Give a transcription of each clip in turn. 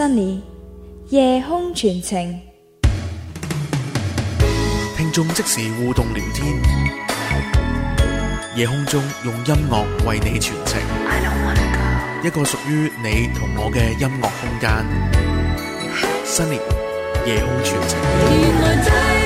Sunny 夜空傳情，聽眾即時互動聊天，夜空中用音樂為你傳情，一個屬於你同我嘅音樂空間。Sunny 夜空傳情。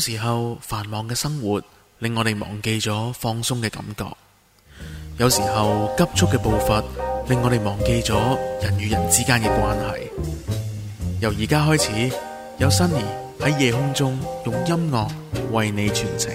有時候繁忙嘅生活令我哋忘記咗放鬆嘅感覺，有時候急促嘅步伐令我哋忘記咗人與人之間嘅關係。由而家開始，有 Sunny 喺夜空中用音樂為你傳情。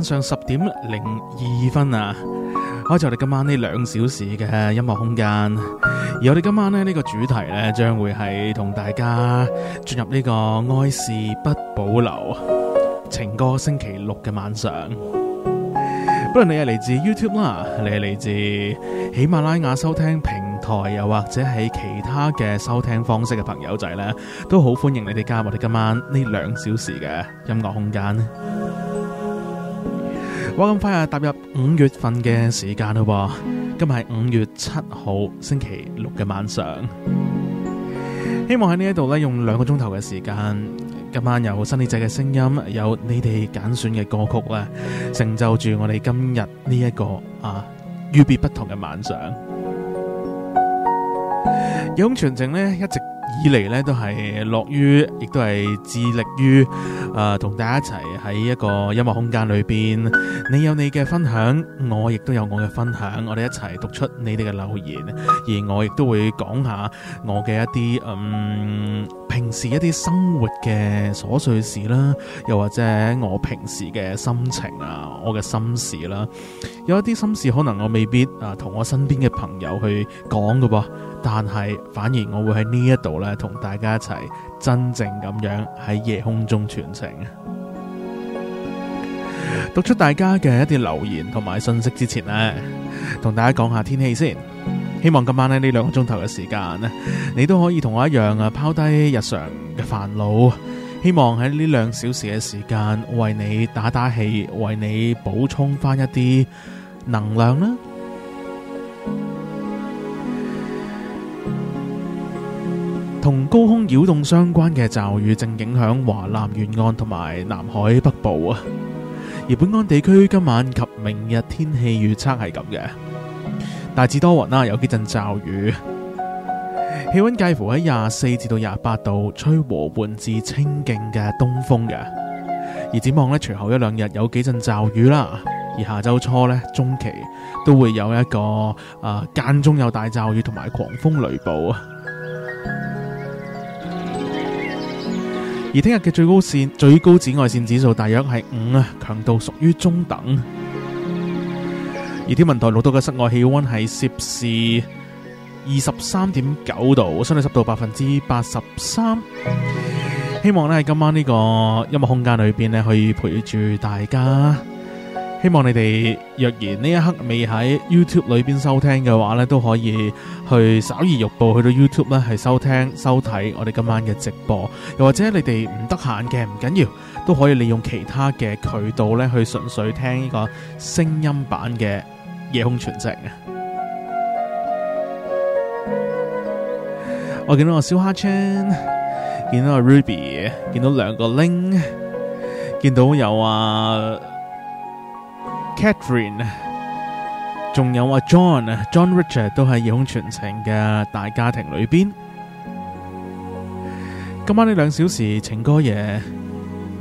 晚上十點零二分啊，開始我哋今，今晚呢兩小時嘅音樂空間，而我哋今晚呢呢個主題呢，將會係同大家進入呢個愛是不保留情歌星期六嘅晚上。不論你係嚟自 YouTube 啦，你係嚟自喜馬拉雅收聽平台，又或者係其他嘅收聽方式嘅朋友仔呢，都好歡迎你哋加入我哋今晚呢兩小時嘅音樂空間。我咁快啊，踏入五月份嘅時間嘞，今天是5月7日係五月七號星期六嘅晚上。希望喺呢一度咧，用兩個鐘頭嘅時間，今晚有新李仔嘅聲音，有你哋揀選嘅歌曲咧，成就住我哋今日呢一個啊，與別不同嘅晚上。有空全程呢，一直。以嚟呢都係樂於，亦都係致力於，誒、呃、同大家一齊喺一個音樂空間裏邊，你有你嘅分享，我亦都有我嘅分享，我哋一齊讀出你哋嘅留言，而我亦都會講下我嘅一啲嗯平時一啲生活嘅瑣碎事啦，又或者我平時嘅心情啊，我嘅心事啦，有一啲心事可能我未必啊同我身邊嘅朋友去講噶噃。但係反而我會喺呢一度呢，同大家一齊真正咁樣喺夜空中傳情啊！讀出大家嘅一啲留言同埋信息之前呢，同大家講下天氣先。希望今晚呢，呢兩個鐘頭嘅時間咧，你都可以同我一樣啊，拋低日常嘅煩惱。希望喺呢兩小時嘅時間，為你打打氣，為你補充翻一啲能量啦。同高空擾動相關嘅驟雨正影響華南沿岸同埋南海北部啊，而本港地區今晚及明日天氣預測係咁嘅，大致多雲啦，有幾陣驟雨氣溫在，氣溫介乎喺廿四至到廿八度，吹和緩至清勁嘅東風嘅，而展望呢，隨後一兩日有幾陣驟雨啦，而下周初呢，中期都會有一個啊、呃、間中有大驟雨同埋狂風雷暴啊。而聽日嘅最高線最高紫外線指數大約係五啊，強度屬於中等。而天文台錄到嘅室外氣溫係攝氏二十三點九度，相對濕度百分之八十三。希望呢，今晚呢個音樂空間裏邊呢可以陪住大家。希望你哋若然呢一刻未喺 YouTube 裏邊收聽嘅話呢，都可以去稍移玉步去到 YouTube 咧，係收聽收睇我哋今晚嘅直播。又或者你哋唔得閒嘅，唔緊要，都可以利用其他嘅渠道呢，去純粹聽呢個聲音版嘅夜空傳情 我見到個燒蝦 Chan，見到個 Ruby，見到兩個 link，見到有啊。Katherine，仲有啊 John 啊，John Richard 都係夜空傳情嘅大家庭裏邊。今晚呢兩小時情歌夜，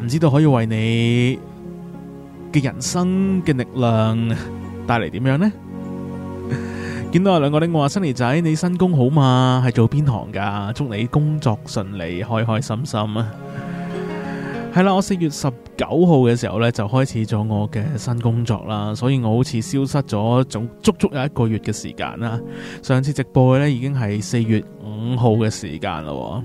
唔知道可以為你嘅人生嘅力量帶嚟點樣呢？見到啊兩個呢，你話，Sunny 仔，你新工好嘛？係做邊行㗎？祝你工作順利，開開心心。係啦，我四月十九號嘅時候呢，就開始咗我嘅新工作啦，所以我好似消失咗總足足有一個月嘅時間啦。上次直播呢，已經係四月五號嘅時間咯，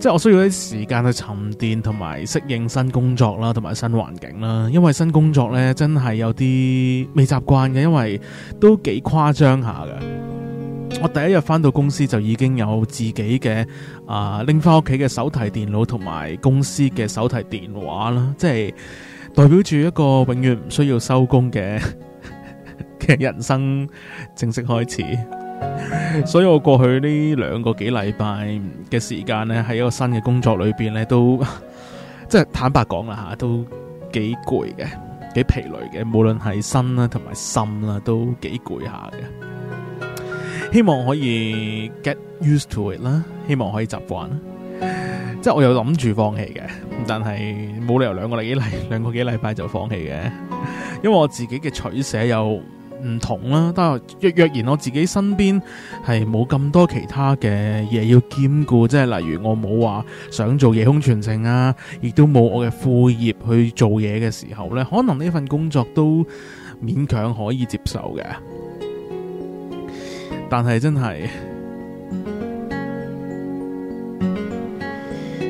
即係我需要啲時間去沉澱，同埋適應新工作啦，同埋新環境啦。因為新工作呢，真係有啲未習慣嘅，因為都幾誇張下㗎。我第一日翻到公司就已經有自己嘅啊，拎翻屋企嘅手提電腦同埋公司嘅手提電話啦，即係代表住一個永遠唔需要收工嘅嘅人生正式開始。所以我過去呢兩個幾禮拜嘅時間呢，喺一個新嘅工作裏邊呢，都即係坦白講啦吓，都幾攰嘅，幾疲累嘅，無論係身啦同埋心啦，都幾攰下嘅。希望可以 get used to it 啦，希望可以習慣。即係我有諗住放棄嘅，但係冇理由兩個幾禮兩個幾禮拜就放棄嘅，因為我自己嘅取捨又唔同啦。但若若然我自己身邊係冇咁多其他嘅嘢要兼顧，即係例如我冇話想做夜空傳情啊，亦都冇我嘅副業去做嘢嘅時候呢，可能呢份工作都勉強可以接受嘅。但係真係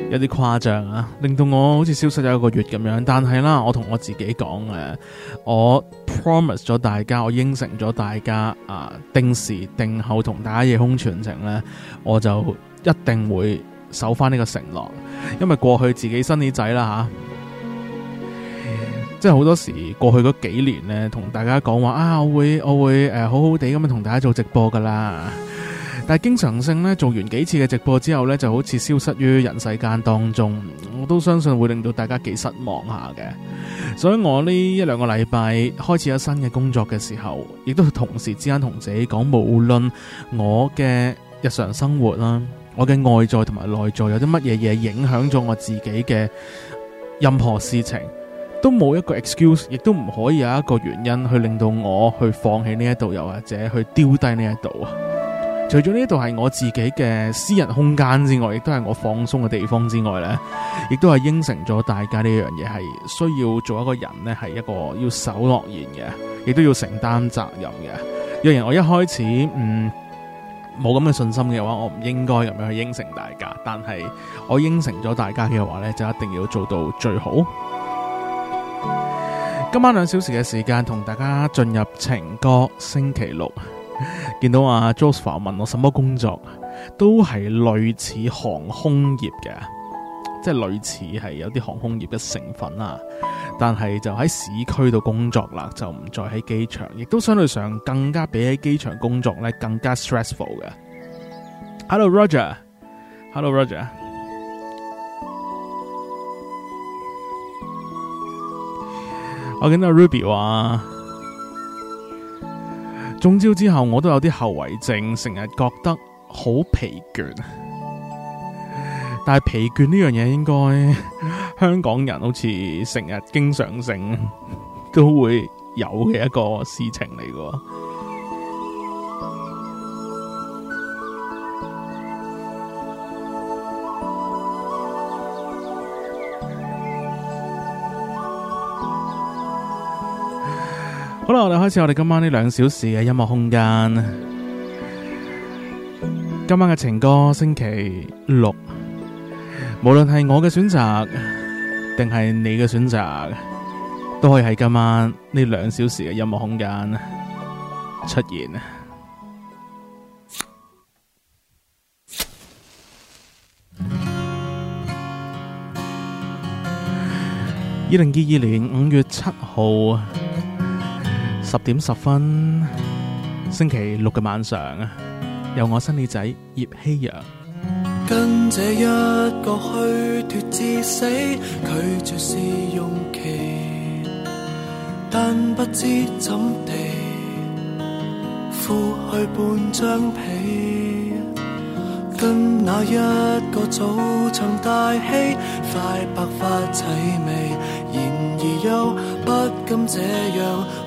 有啲誇張啊，令到我好似消失咗一個月咁樣。但係啦，我同我自己講我 promise 咗大家，我應承咗大家啊，定時定候同大家夜空傳情呢，我就一定會守翻呢個承諾。因為過去自己身啲仔啦吓。啊即係好多時過去嗰幾年呢，同大家講話啊，我會我會誒、呃、好好地咁樣同大家做直播噶啦。但係經常性呢，做完幾次嘅直播之後呢，就好似消失於人世間當中。我都相信會令到大家幾失望下嘅。所以我呢一兩個禮拜開始咗新嘅工作嘅時候，亦都同時之間同自己講，無論我嘅日常生活啦，我嘅外在同埋內在有啲乜嘢嘢影響咗我自己嘅任何事情。都冇一個 excuse，亦都唔可以有一個原因去令到我去放棄呢一度，又或者去丟低呢一度啊！除咗呢一度係我自己嘅私人空間之外，亦都係我放鬆嘅地方之外呢，亦都係應承咗大家呢樣嘢，係需要做一個人呢，係一個要守諾言嘅，亦都要承擔責任嘅。若然我一開始唔冇咁嘅信心嘅話，我唔應該咁樣去應承大家。但係我應承咗大家嘅話呢，就一定要做到最好。今晚兩小時嘅時間，同大家進入情歌。星期六見到阿、啊、Joseph 問我什麼工作，都係類似航空業嘅，即係類似係有啲航空業嘅成分啦、啊。但係就喺市區度工作啦，就唔再喺機場，亦都相對上更加比喺機場工作咧更加 stressful 嘅。Hello Roger，Hello Roger。Roger. 我見到 Ruby 話中招之後，我都有啲後遺症，成日覺得好疲倦。但係疲倦呢樣嘢，應該香港人好似成日經常性都會有嘅一個事情嚟嘅。好啦，我哋開始我哋今晚呢兩小時嘅音樂空間。今晚嘅情歌星期六，無論係我嘅選擇，定係你嘅選擇，都可以喺今晚呢兩小時嘅音樂空間出現。二零二二年五月七號。十點十分，星期六嘅晚上有我新女仔葉希陽。跟這一個虛脫至死，拒絕試用期，但不知怎地，敷去半張被。跟那一個早場大戲，快白髮齊眉，然而又不甘這樣。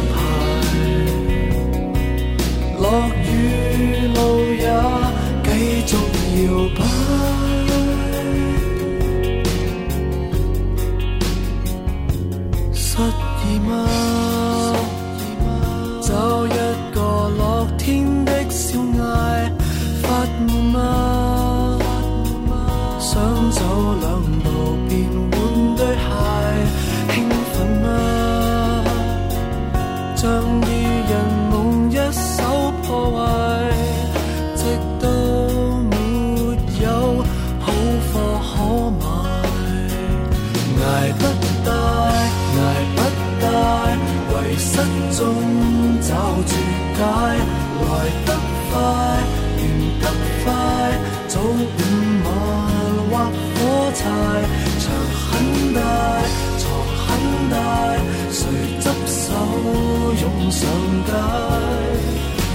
落雨路也繼續搖擺，失意嗎？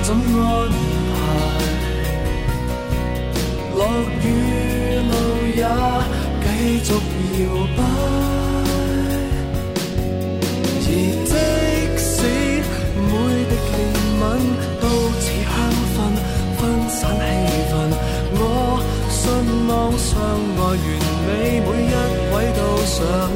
怎安排？落雨路也繼續搖擺，而即使每滴憐憫都似香氛，分散氣氛。我信望相愛完美，每一位都想。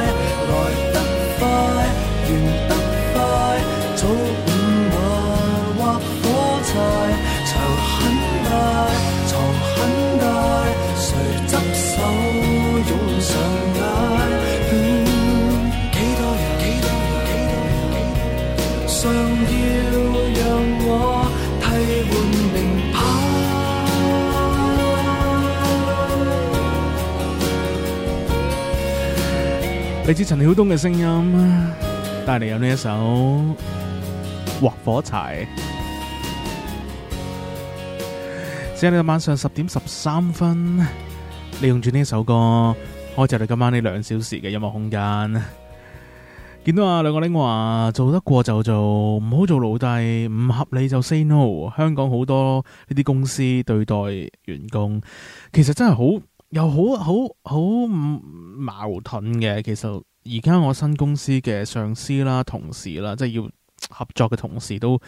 嚟自陳曉東嘅聲音，帶嚟有呢一首《劃火柴》，你到晚上十點十三分，利用住呢一首歌，開就嚟今晚呢兩小時嘅音樂空間。見到啊，兩個領話做得過就做，唔好做老弟，唔合理就 say no。香港好多呢啲公司對待員工，其實真係好。又好好好矛盾嘅，其實而家我新公司嘅上司啦、同事啦，即係要合作嘅同事都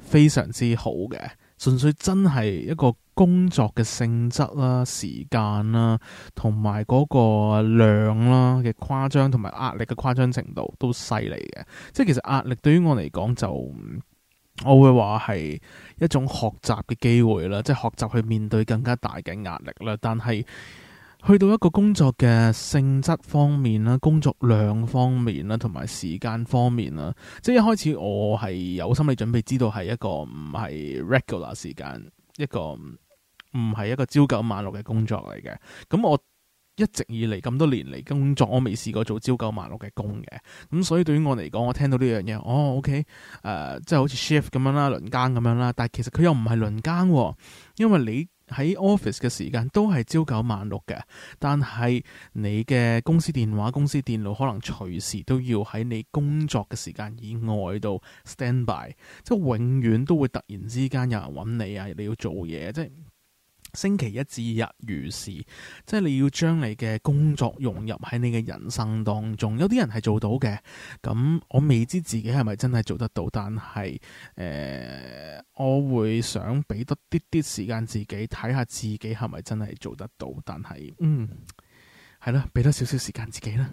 非常之好嘅。純粹真係一個工作嘅性質啦、時間啦，同埋嗰個量啦嘅誇張，同埋壓力嘅誇張程度都犀利嘅。即係其實壓力對於我嚟講就，我會話係一種學習嘅機會啦，即係學習去面對更加大嘅壓力啦。但係。去到一個工作嘅性質方面啦，工作量方面啦，同埋時間方面啦，即係一開始我係有心理準備，知道係一個唔係 regular 時間，一個唔係一個朝九晚六嘅工作嚟嘅。咁我一直以嚟咁多年嚟工作，我未試過做朝九晚六嘅工嘅。咁所以對於我嚟講，我聽到呢樣嘢，哦，OK，誒、呃，即係好似 shift 咁樣啦，輪更咁樣啦，但係其實佢又唔係輪更喎，因為你。喺 office 嘅時間都係朝九晚六嘅，但係你嘅公司電話、公司電腦可能隨時都要喺你工作嘅時間以外度 stand by，即係永遠都會突然之間有人揾你啊！你要做嘢，即係。星期一至日如是，即係你要將你嘅工作融入喺你嘅人生當中。有啲人係做到嘅，咁我未知自己係咪真係做得到，但係誒、呃，我會想俾多啲啲時間自己睇下自己係咪真係做得到，但係嗯，係囉，俾多少少時間自己啦。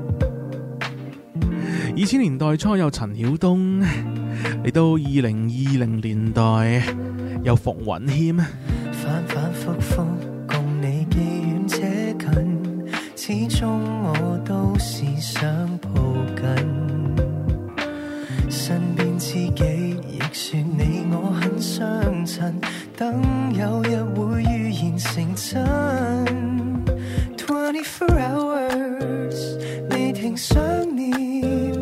二千年代初有陳曉東，嚟到二零二零年代有馮允謙。反反覆覆，共你既遠且近，始終我都是想抱緊身邊知己，亦說你我很相襯，等有一日會預言成真。Twenty four hours，未停想念。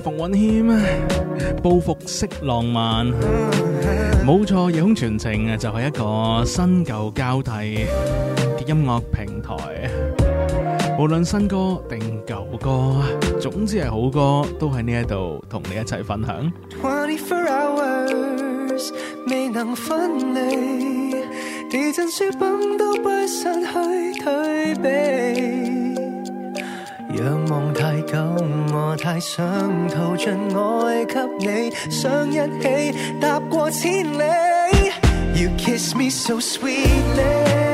馮允謙，報復式浪漫，冇錯。夜空全程就係一個新舊交替嘅音樂平台，無論新歌定舊歌，總之係好歌，都喺呢一度同你一齊分享。Twenty four hours 未能分離，地震雪崩都不失去退避。仰望太久，我太想逃進愛，給你想一起踏過千里。You kiss me so sweetly。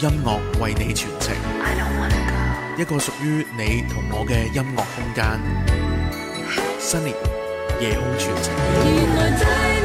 音樂為你傳情，一個屬於你同我嘅音樂空間。新年夜空傳情。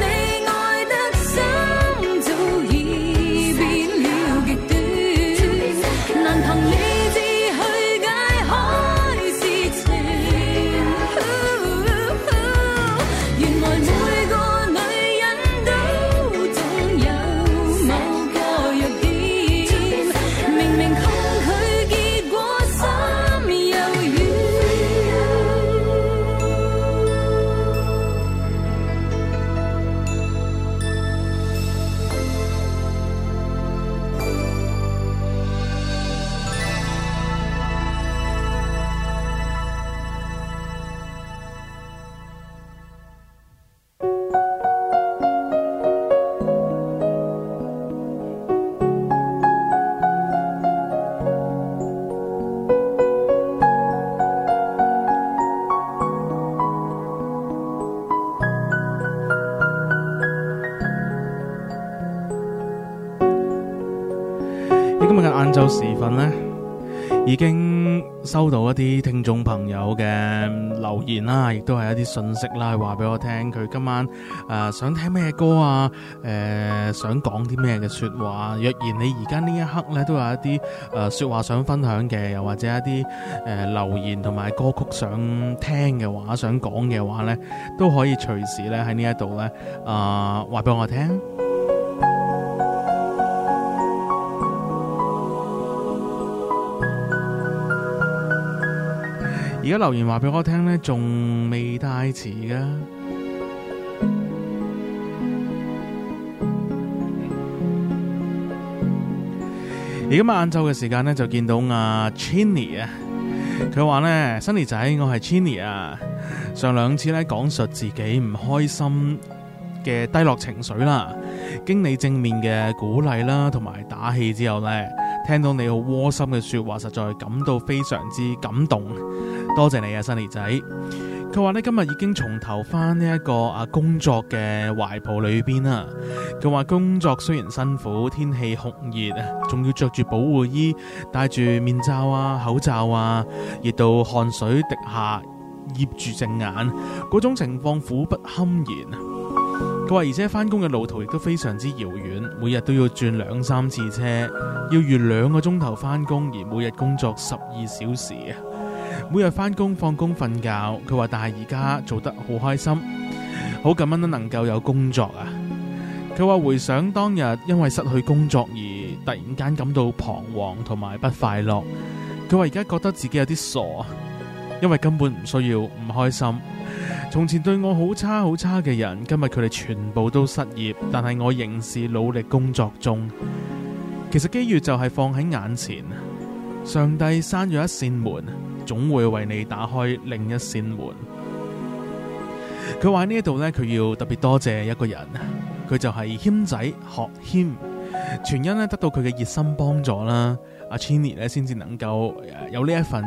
啦，亦都係一啲信息啦，話俾我聽佢今晚誒、呃、想聽咩歌啊？誒、呃，想講啲咩嘅說話？若然你而家呢一刻呢，都有一啲誒、呃、說話想分享嘅，又或者一啲誒、呃、留言同埋歌曲想聽嘅話，想講嘅話呢，都可以隨時咧喺呢一度呢啊，話、呃、俾我聽。而家留言話俾我聽呢，仲未太遲噶。而今日晏晝嘅時間呢，就見到阿 Chinny 啊，佢話呢，Sunny 仔，我係 Chinny 啊。上兩次咧講述自己唔開心嘅低落情緒啦，經你正面嘅鼓勵啦，同埋打氣之後呢，聽到你好窩心嘅說話，實在感到非常之感動。多謝你啊，新嚟仔。佢話呢，今日已經從頭翻呢一個啊工作嘅懷抱裏邊啊。佢話工作雖然辛苦，天氣酷熱，仲要着住保護衣，戴住面罩啊、口罩啊，熱到汗水滴下，醃住隻眼，嗰種情況苦不堪言。佢話而且翻工嘅路途亦都非常之遙遠，每日都要轉兩三次車，要預兩個鐘頭翻工，而每日工作十二小時啊。每日返工、放工、瞓覺，佢話但係而家做得好開心，好感恩都能夠有工作啊！佢話回想當日因為失去工作而突然間感到彷徨同埋不快樂，佢話而家覺得自己有啲傻，因為根本唔需要唔開心。從前對我好差好差嘅人，今日佢哋全部都失業，但係我仍是努力工作中。其實機遇就係放喺眼前，上帝閂咗一扇門，總會為你打開另一扇門。佢話呢一度呢，佢要特別多謝一個人，佢就係謙仔學謙。全因咧，得到佢嘅熱心幫助啦，阿 Chinny 咧先至能夠有呢一份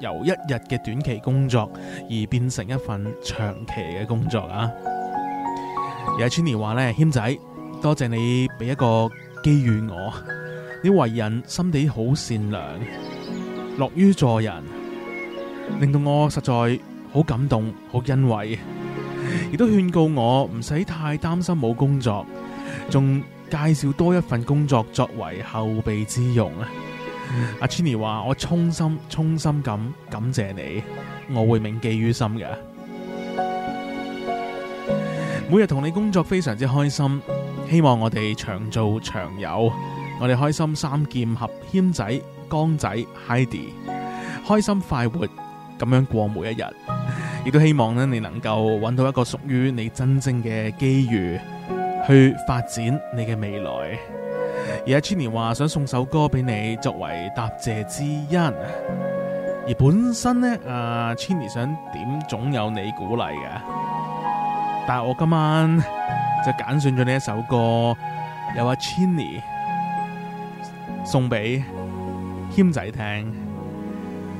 由一日嘅短期工作而變成一份長期嘅工作啊！而阿 Chinny 話呢，謙仔多謝你俾一個機遇我，你為人心地好善良，樂於助人。令到我實在好感動、好欣慰，亦都勸告我唔使太擔心冇工作，仲介紹多一份工作作為後備之用啊！阿 Chinny 話：我衷心、衷心咁感謝你，我會銘記於心嘅。每日同你工作非常之開心，希望我哋長做長有，我哋開心三劍俠謙仔、江仔、Hedy，開心快活。咁樣過每一日，亦都希望咧你能夠揾到一個屬於你真正嘅機遇，去發展你嘅未來。而阿 Chinny 話想送首歌俾你作為答謝之一，而本身咧阿、啊、Chinny 想點總有你鼓勵嘅，但係我今晚就揀選咗呢一首歌，由阿 Chinny 送俾謙仔聽。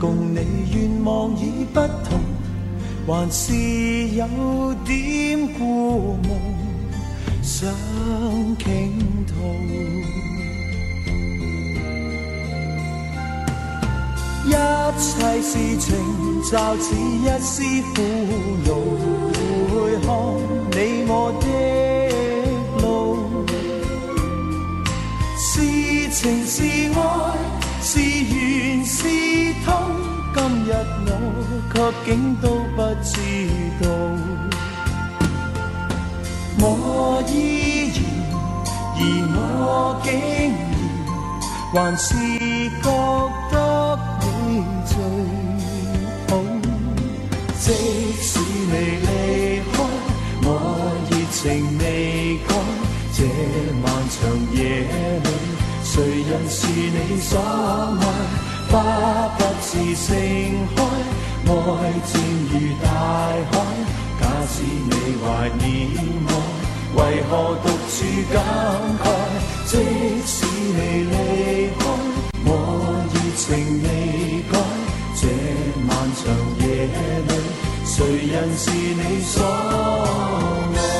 共你願望已不同，還是有點故夢想傾吐。一切事情就似一絲苦痛，回看你我的路，是情是愛。卻竟都不知道，我依然，而我竟然還是覺得你最好。即使你離開，我熱情未改。這漫長夜裏，誰人是你所愛？花不是盛開。愛漸如大海，假使你懷念我，為何獨處感慨？即使你離開，我熱情未改。這漫長夜裏，誰人是你所愛？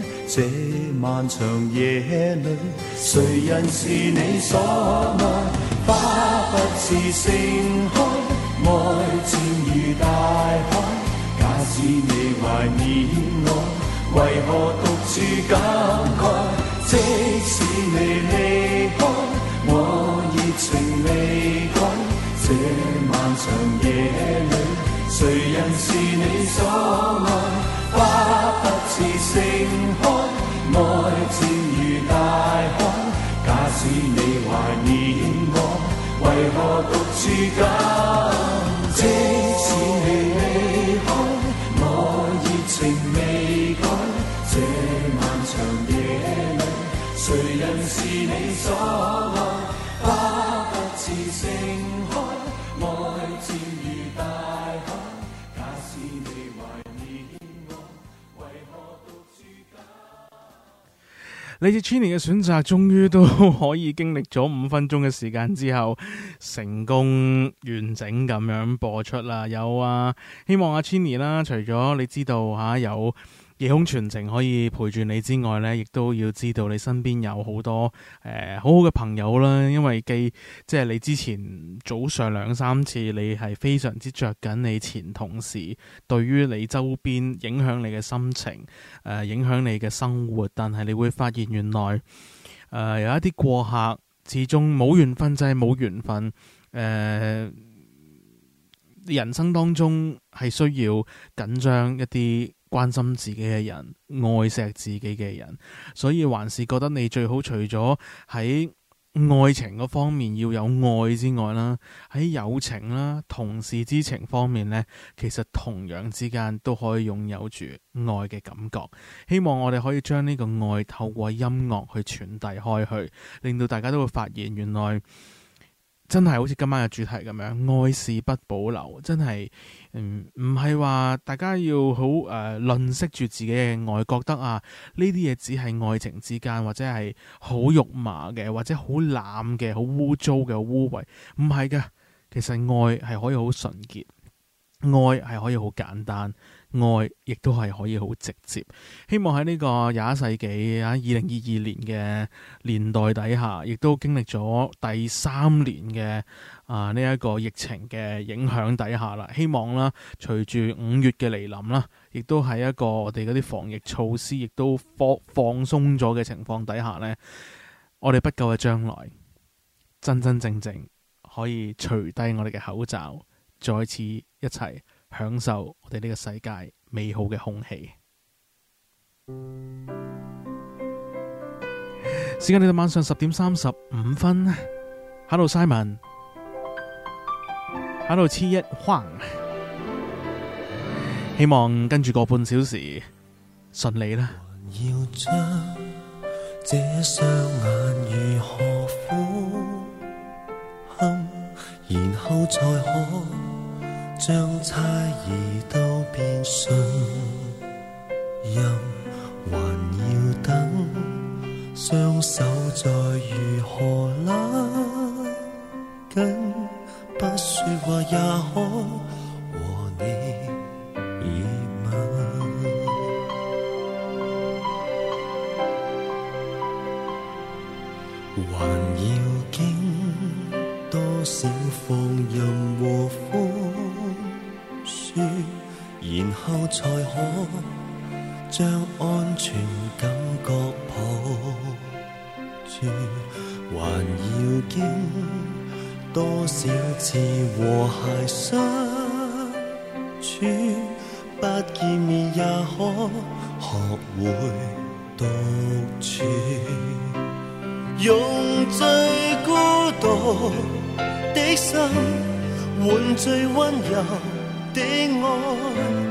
這漫長夜裏，誰人是你所愛？花不似盛開，愛漸如大海。假使你懷念我，為何獨處感慨？即使你離開，我熱情未改。這漫長夜裏，誰人是你所愛？花不似盛開，愛漸如大海。假使你懷念我，為何獨處感慨？即使你離開，我熱情未改。這漫長夜裏，誰人是你所愛？你知 Chiny 嘅選擇終於都可以經歷咗五分鐘嘅時間之後，成功完整咁樣播出啦。有啊，希望阿、啊、Chiny 啦，除咗你知道吓、啊、有。夜空全程可以陪住你之外呢，亦都要知道你身邊有好多、呃、好好嘅誒好好嘅朋友啦。因為既即係你之前早上兩三次，你係非常之着緊你前同事對於你周邊影響你嘅心情誒、呃，影響你嘅生活。但係你會發現原來誒、呃、有一啲過客，始終冇緣分就係冇緣分誒、呃，人生當中係需要緊張一啲。關心自己嘅人，愛錫自己嘅人，所以還是覺得你最好除咗喺愛情嗰方面要有愛之外啦，喺友情啦、同事之情方面呢，其實同樣之間都可以擁有住愛嘅感覺。希望我哋可以將呢個愛透過音樂去傳遞開去，令到大家都會發現原來。真係好似今晚嘅主題咁樣，愛是不保留，真係唔係話大家要好誒論識住自己嘅愛覺得啊，呢啲嘢只係愛情之間或者係好肉麻嘅，或者好濫嘅、好污糟嘅污穢，唔係嘅。其實愛係可以好純潔，愛係可以好簡單。愛亦都係可以好直接，希望喺呢個廿一世紀，喺二零二二年嘅年代底下，亦都經歷咗第三年嘅啊呢一個疫情嘅影響底下啦。希望啦，隨住五月嘅嚟臨啦，亦都係一個我哋嗰啲防疫措施亦都放放鬆咗嘅情況底下呢。我哋不久嘅將來，真真正正可以除低我哋嘅口罩，再次一齊，享受我哋呢個世界美好嘅空氣。時間呢度晚上十點三十五分，Hello Simon，Hello C 一匡，希望跟住個半小時順利啦。將猜疑都變信任，還要等，雙手再如何拉緊，不說話也可和你。後才可將安全感覺抱住，還要經多少次和諧相處，不見面也可學會獨處，用最孤獨的心換最溫柔的愛。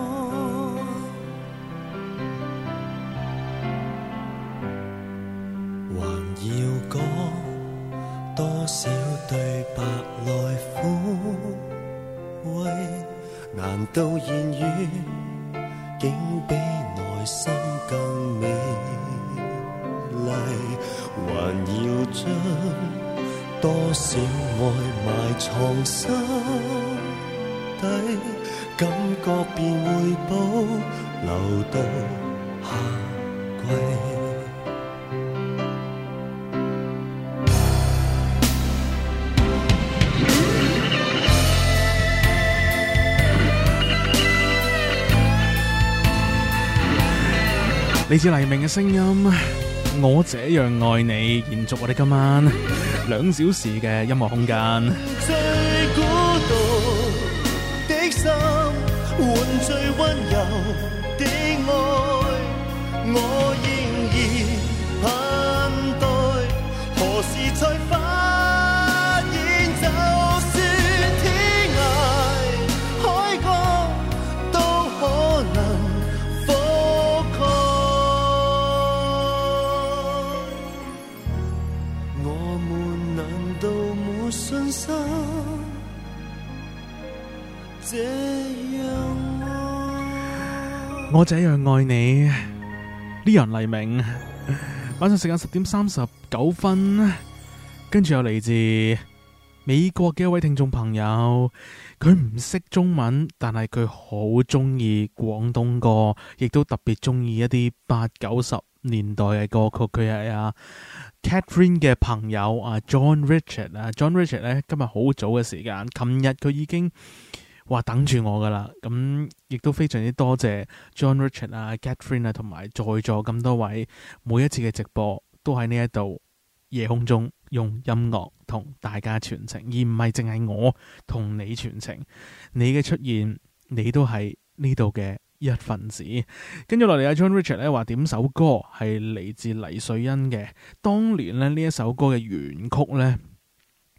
到言語，竟比內心更美麗。還要將多少愛埋藏心底，感覺便會保留到。.你似黎明嘅聲音，我這樣愛你，延續我哋今晚兩小時嘅音樂空間。我這樣愛你，呢人黎明。晚上時間十點三十九分，跟住又嚟自美國嘅一位聽眾朋友，佢唔識中文，但係佢好中意廣東歌，亦都特別中意一啲八九十年代嘅歌曲。佢係啊，Catherine 嘅朋友啊，John Richard 啊，John Richard 呢，今日好早嘅時間，琴日佢已經。話等住我㗎啦，咁亦都非常之多謝 John Richard 啊、Kathryn 啊同埋在座咁多位，每一次嘅直播都喺呢一度夜空中用音樂同大家傳情，而唔係淨係我同你傳情。你嘅出現，你都係呢度嘅一份子。跟住落嚟，阿 John Richard 咧話點首歌係嚟自黎瑞恩嘅，當年呢，呢一首歌嘅原曲咧。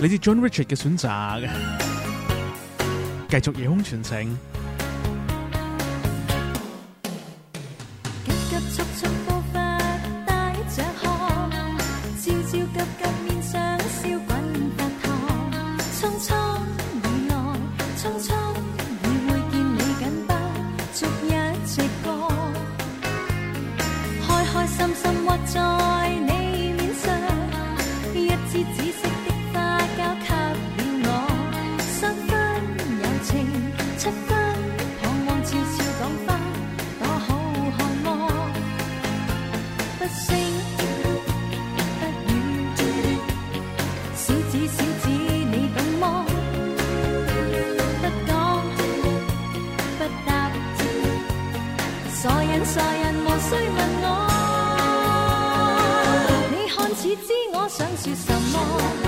你是 John Richard 嘅選擇，繼續夜空傳情。想說什麼？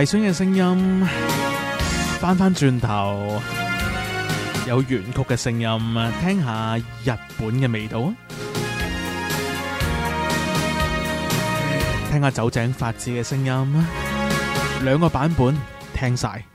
大孫嘅聲音，翻翻轉頭，有原曲嘅聲音，聽下日本嘅味道啊！聽下酒井法子嘅聲音，兩個版本聽晒。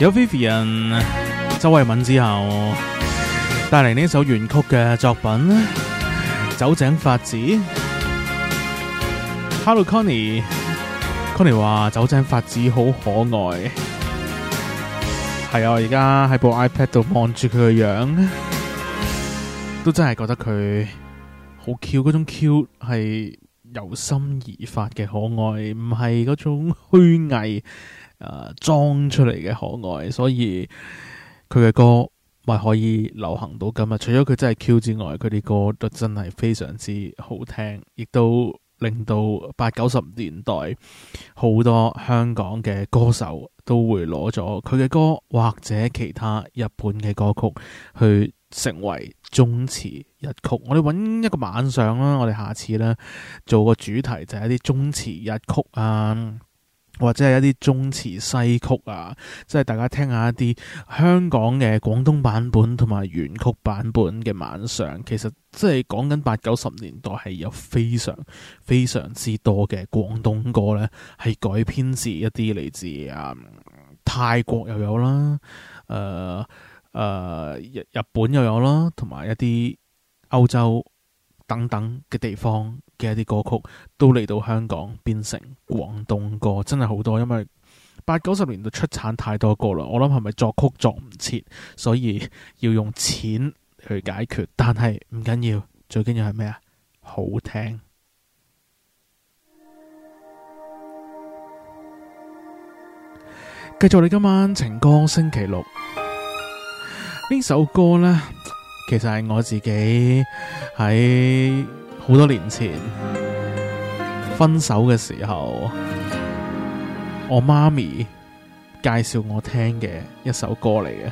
有 Vivian 周慧敏之後，帶嚟呢首原曲嘅作品《酒井法子》。Hello Connie，Connie 話酒井法子好可愛，係啊！而家喺部 iPad 度望住佢嘅樣，都真係覺得佢好 Q。嗰種 Q 係由心而發嘅可愛，唔係嗰種虛偽。啊，裝出嚟嘅可愛，所以佢嘅歌咪可以流行到今日。除咗佢真係 Q 之外，佢啲歌都真係非常之好聽，亦都令到八九十年代好多香港嘅歌手都會攞咗佢嘅歌或者其他日本嘅歌曲去成為中詞日曲。我哋揾一個晚上啦，我哋下次呢做個主題，就係一啲中詞日曲啊。嗯或者係一啲中詞西曲啊，即係大家聽下一啲香港嘅廣東版本同埋原曲版本嘅晚上，其實即係講緊八九十年代係有非常非常之多嘅廣東歌呢，係改編自一啲嚟自啊、嗯、泰國又有啦，誒誒日日本又有啦，同埋一啲歐洲等等嘅地方。嘅一啲歌曲都嚟到香港，變成廣東歌，真係好多。因為八九十年代出產太多歌啦，我諗係咪作曲作唔切，所以要用錢去解決。但係唔緊要，最緊要係咩啊？好聽。繼續你今晚情歌星期六呢首歌呢，其實係我自己喺。好多年前分手嘅時候，我媽咪介紹我聽嘅一首歌嚟嘅。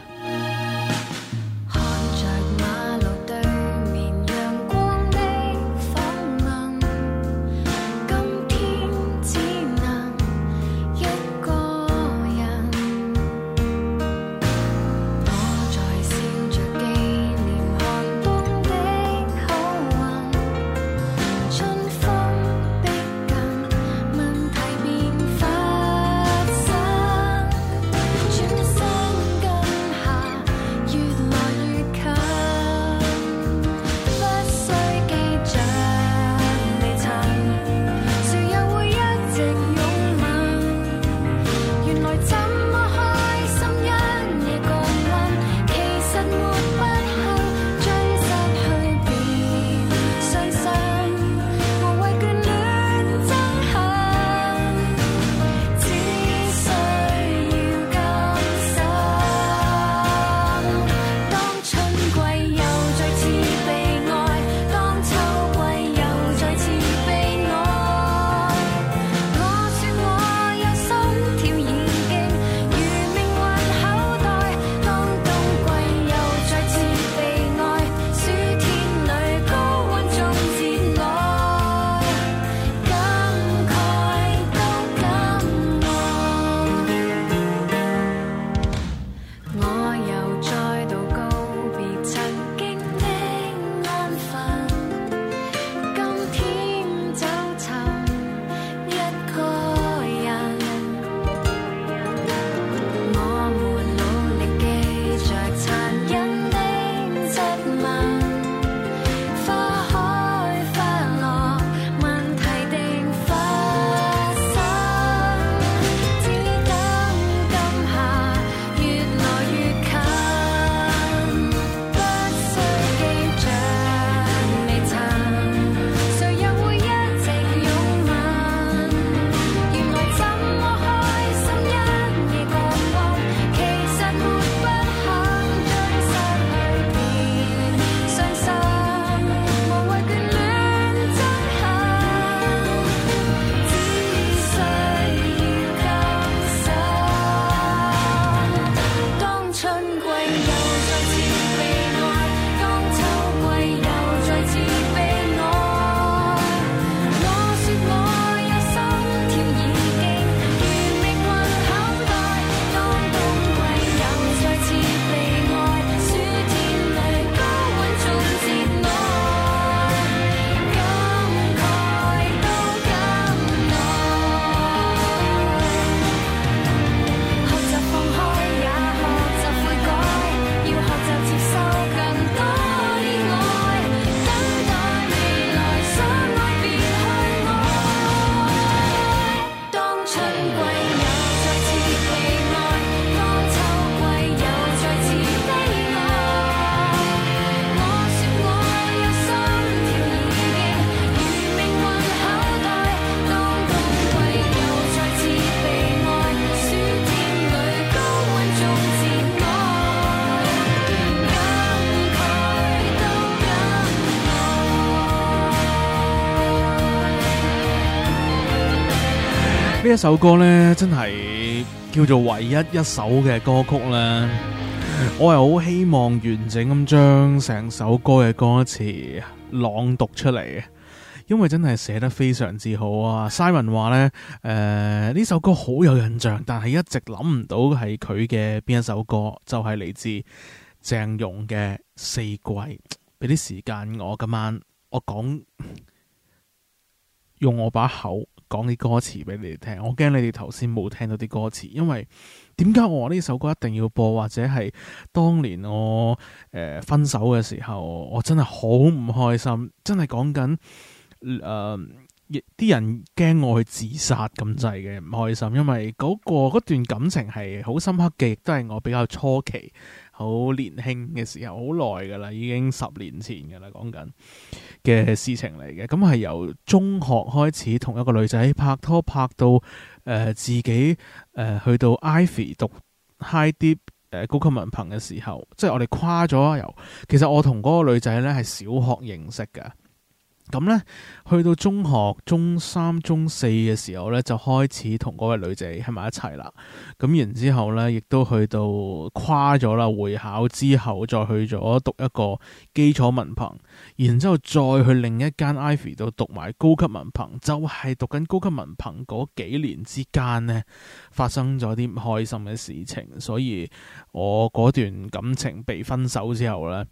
呢首歌呢，真係叫做唯一一首嘅歌曲咧，我係好希望完整咁將成首歌嘅歌詞朗讀出嚟，因為真係寫得非常之好啊！Simon 話呢，誒、呃、呢首歌好有印象，但係一直諗唔到係佢嘅邊一首歌，就係、是、嚟自鄭融嘅《四季》。俾啲時間我，今晚我講用我把口。講啲歌詞俾你哋聽，我驚你哋頭先冇聽到啲歌詞，因為點解我呢首歌一定要播，或者係當年我誒、呃、分手嘅時候，我真係好唔開心，真係講緊誒啲人驚我去自殺咁滯嘅唔開心，因為嗰、嗰個嗰段感情係好深刻嘅，亦都係我比較初期。好年輕嘅時候，好耐㗎喇，已經十年前㗎喇，講緊嘅事情嚟嘅。咁係由中學開始同一個女仔拍拖，拍到、呃、自己、呃、去到 Ivy 讀 High Deep 誒、呃、高級文憑嘅時候，即係我哋跨咗由。其實我同嗰個女仔咧係小學認識嘅。咁呢，去到中學中三、中四嘅時候呢，就開始同嗰位女仔喺埋一齊啦。咁然之後呢，亦都去到跨咗啦，會考之後再去咗讀一個基礎文憑，然之後再去另一間 Ivy 度讀埋高級文憑。就係讀緊高級文憑嗰幾年之間呢，發生咗啲唔開心嘅事情，所以我嗰段感情被分手之後呢。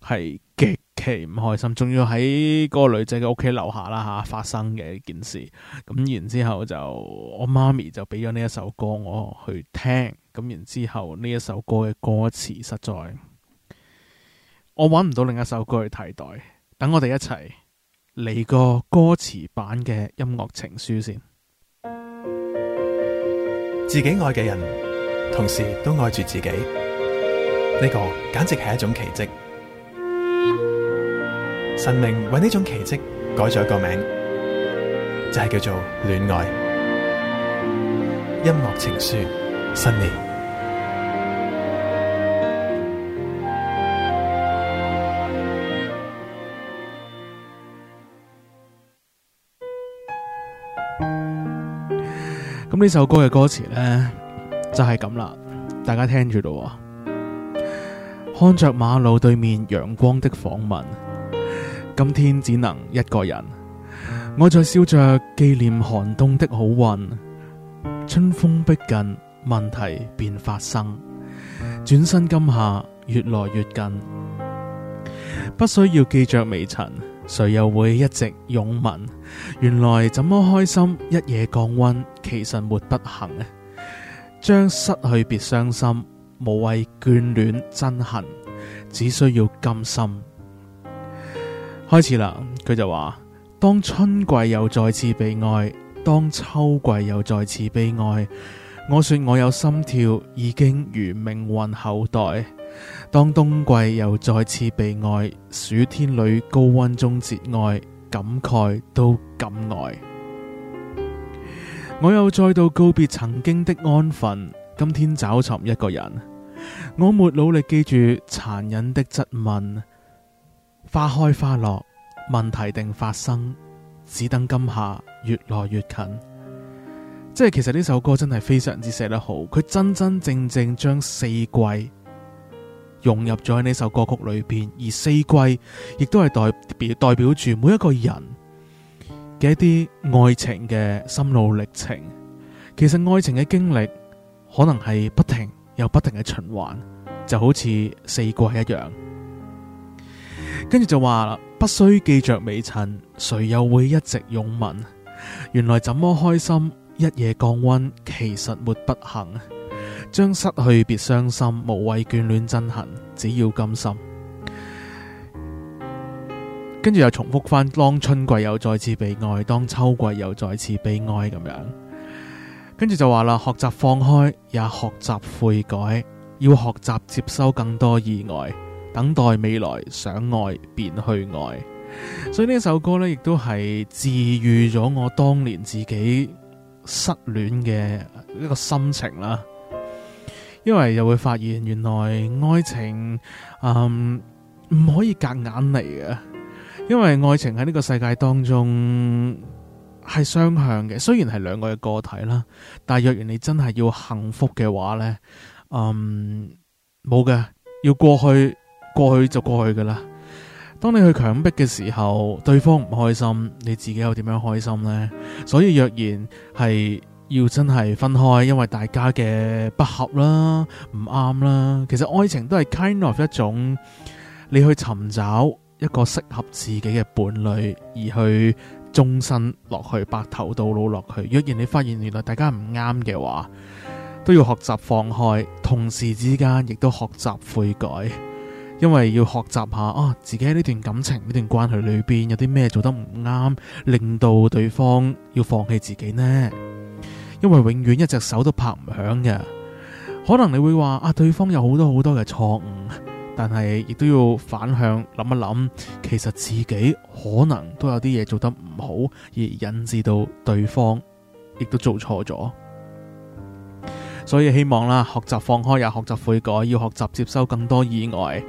係極其唔開心，仲要喺嗰個女仔嘅屋企樓下啦吓發生嘅一件事，咁然之後就我媽咪就俾咗呢一首歌我去聽，咁然之後呢一首歌嘅歌詞實在我揾唔到另一首歌去替代，等我哋一齊嚟個歌詞版嘅音樂情書先。自己愛嘅人，同時都愛住自己，呢個簡直係一種奇迹。神明為呢種奇迹改咗個名，就係叫做戀愛音樂情書，新年。咁呢首歌嘅歌詞呢就係咁啦，大家聽住咯。看着馬路對面陽光的訪問。今天只能一個人，我在笑着紀念寒冬的好運。春風逼近，問題便發生。轉身今下，今夏越來越近，不需要記着微塵，誰又會一直擁吻？原來怎麼開心，一夜降溫，其實沒不幸。將失去別傷心，無謂眷戀憎恨，只需要甘心。開始啦，佢就話：當春季又再次悲哀，當秋季又再次悲哀，我說我有心跳，已經如命運後代。當冬季又再次悲哀，暑天裏高溫中節哀，感慨都感愛。我又再度告別曾經的安分，今天找尋一個人，我沒努力記住殘忍的質問。花開花落，問題定發生，只等今夏越來越近。即係其實呢首歌真係非常之寫得好，佢真真正正將四季融入咗喺呢首歌曲裏邊，而四季亦都係代表代表住每一個人嘅一啲愛情嘅心路歷程。其實愛情嘅經歷可能係不停又不停嘅循環，就好似四季一樣。跟住就話啦，不需記着微塵，誰又會一直擁吻？原來怎麼開心，一夜降溫，其實沒不幸。將失去別傷心，無謂眷戀真恨，只要甘心。跟住又重複翻，當春季又再次悲哀，當秋季又再次悲哀咁樣。跟住就話啦，學習放開，也學習悔改，要學習接收更多意外。等待未來，想愛便去愛，所以呢首歌呢，亦都係治愈咗我當年自己失戀嘅一個心情啦。因為又會發現，原來愛情，嗯，唔可以隔硬嚟嘅。因為愛情喺呢個世界當中係雙向嘅，雖然係兩個嘅個體啦，但若然你真係要幸福嘅話呢，嗯，冇嘅，要過去。過去就過去噶啦。當你去強迫嘅時候，對方唔開心，你自己又點樣開心呢？所以若然係要真係分開，因為大家嘅不合啦，唔啱啦。其實愛情都係 kind of 一種，你去尋找一個適合自己嘅伴侶，而去終身落去白頭到老落去。若然你發現原來大家唔啱嘅話，都要學習放開，同時之間亦都學習悔改。因為要學習下啊，自己喺呢段感情，呢段關係裏邊有啲咩做得唔啱，令到對方要放棄自己呢？因為永遠一隻手都拍唔響嘅。可能你會話啊，對方有好多好多嘅錯誤，但係亦都要反向諗一諗，其實自己可能都有啲嘢做得唔好，而引致到對方亦都做錯咗。所以希望啦，學習放開，也學習悔改，要學習接收更多意外。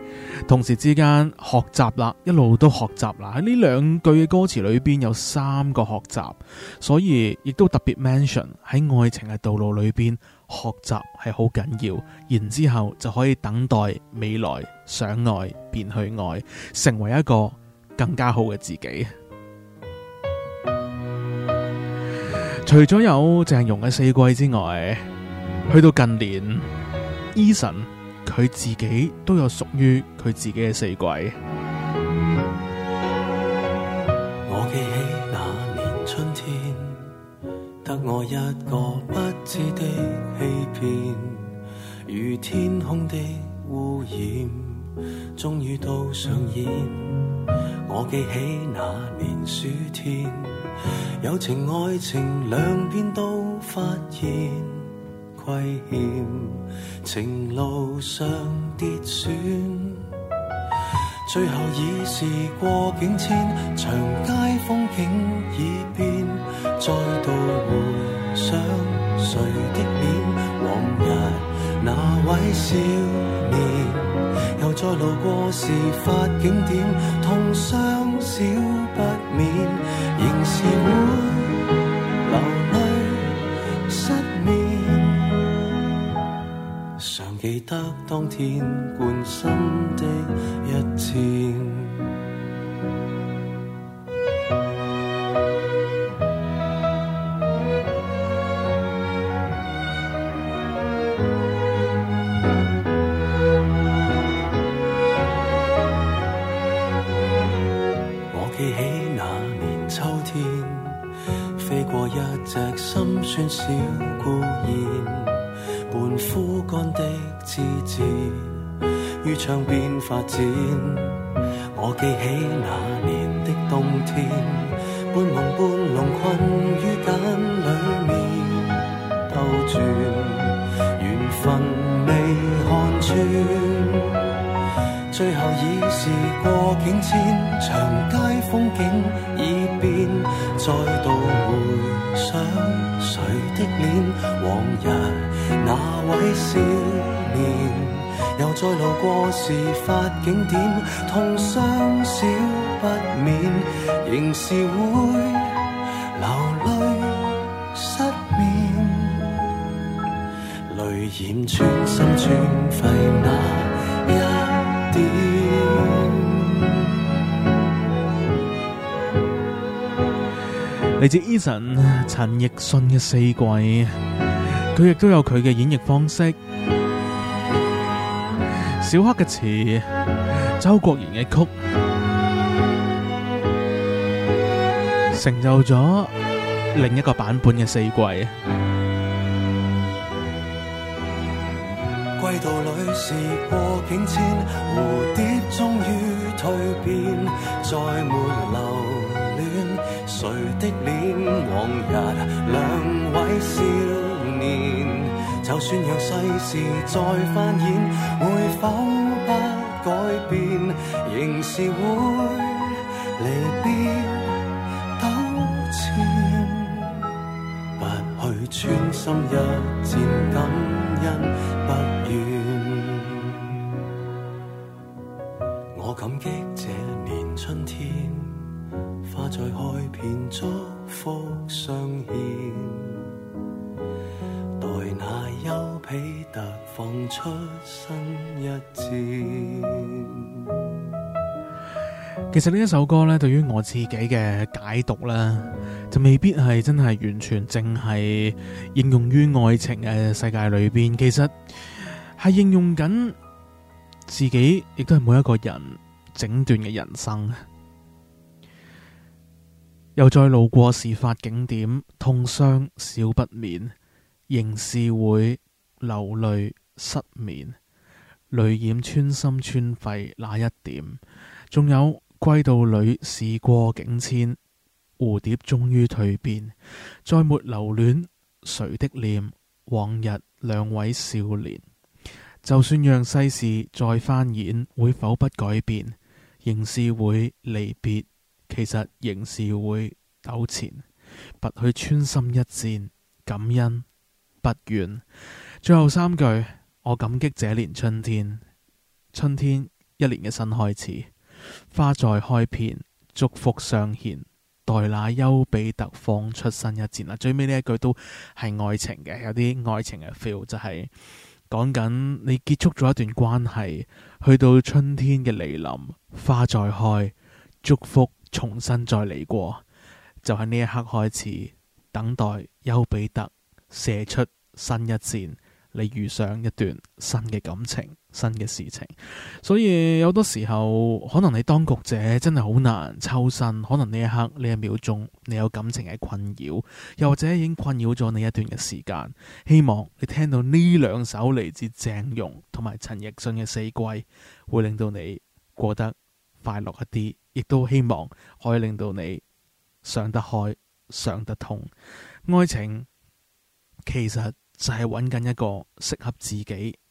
同時之間學習啦，一路都學習啦。喺呢兩句嘅歌詞裏邊有三個學習，所以亦都特別 mention 喺愛情嘅道路裏邊，學習係好緊要。然之後就可以等待未來，想愛便去愛，成為一個更加好嘅自己。除咗有鄭融嘅四季之外。去到近年，Eason 佢自己都有屬於佢自己嘅四季。我記起那年春天，得我一個不知的欺騙，如天空的污染，終於都上演。我記起那年暑天，友情愛情兩邊都發現。虧欠，情路上跌損，最後已是過境遷，長街風景已變，再度回想誰的臉，往日那位少年，又再路過事發景點，痛傷少不免，仍是會留。記得當天貫心的一箭，我記起那年秋天，飛過一隻心酸小孤燕。半枯乾的枝節，於窗邊發展。我記起那年的冬天，半朦半朧困於繭裏面，兜轉，緣分未看穿。最後已是過境遷，長街風景已變，再度回想誰的臉，往日那位少年，又再路過事發景點，痛傷少不免，仍是會流淚失眠，淚染穿心穿肺那。嚟自 Eason 陳奕迅嘅《四季》，佢亦都有佢嘅演繹方式。小克嘅詞，周國賢嘅曲，成就咗另一個版本嘅《四季》。街道裏時過境遷，蝴蝶終於蛻變，再沒留戀誰的臉。往日兩位少年，就算讓世事再繁衍，會否不改變，仍是會離別糾纏。不去穿心一箭感恩。其實呢一首歌呢，對於我自己嘅解讀呢，就未必係真係完全淨係應用於愛情嘅世界裏邊。其實係應用緊自己，亦都係每一個人整段嘅人生。又再路過事發景點，痛傷少不免，仍是會流淚失眠，淚染穿心穿肺那一點，仲有。歸道裏事過境遷，蝴蝶終於蛻變，再沒留戀誰的臉。往日兩位少年，就算讓世事再翻演，會否不改變？仍是會離別，其實仍是會糾纏。拔去穿心一箭，感恩，不怨。最後三句，我感激這年春天，春天一年嘅新開始。花再開片，祝福相獻，待那丘比特放出新一箭。嗱，最尾呢一句都係愛情嘅，有啲愛情嘅 feel，就係講緊你結束咗一段關係，去到春天嘅來臨，花再開，祝福重新再嚟過，就喺呢一刻開始等待丘比特射出新一箭，你遇上一段新嘅感情。新嘅事情，所以好多時候可能你當局者真係好難抽身，可能呢一刻呢一秒鐘你有感情嘅困擾，又或者已經困擾咗你一段嘅時間。希望你聽到呢兩首嚟自鄭融同埋陳奕迅嘅《四季》，會令到你過得快樂一啲，亦都希望可以令到你想得開、想得通。愛情其實就係揾緊一個適合自己。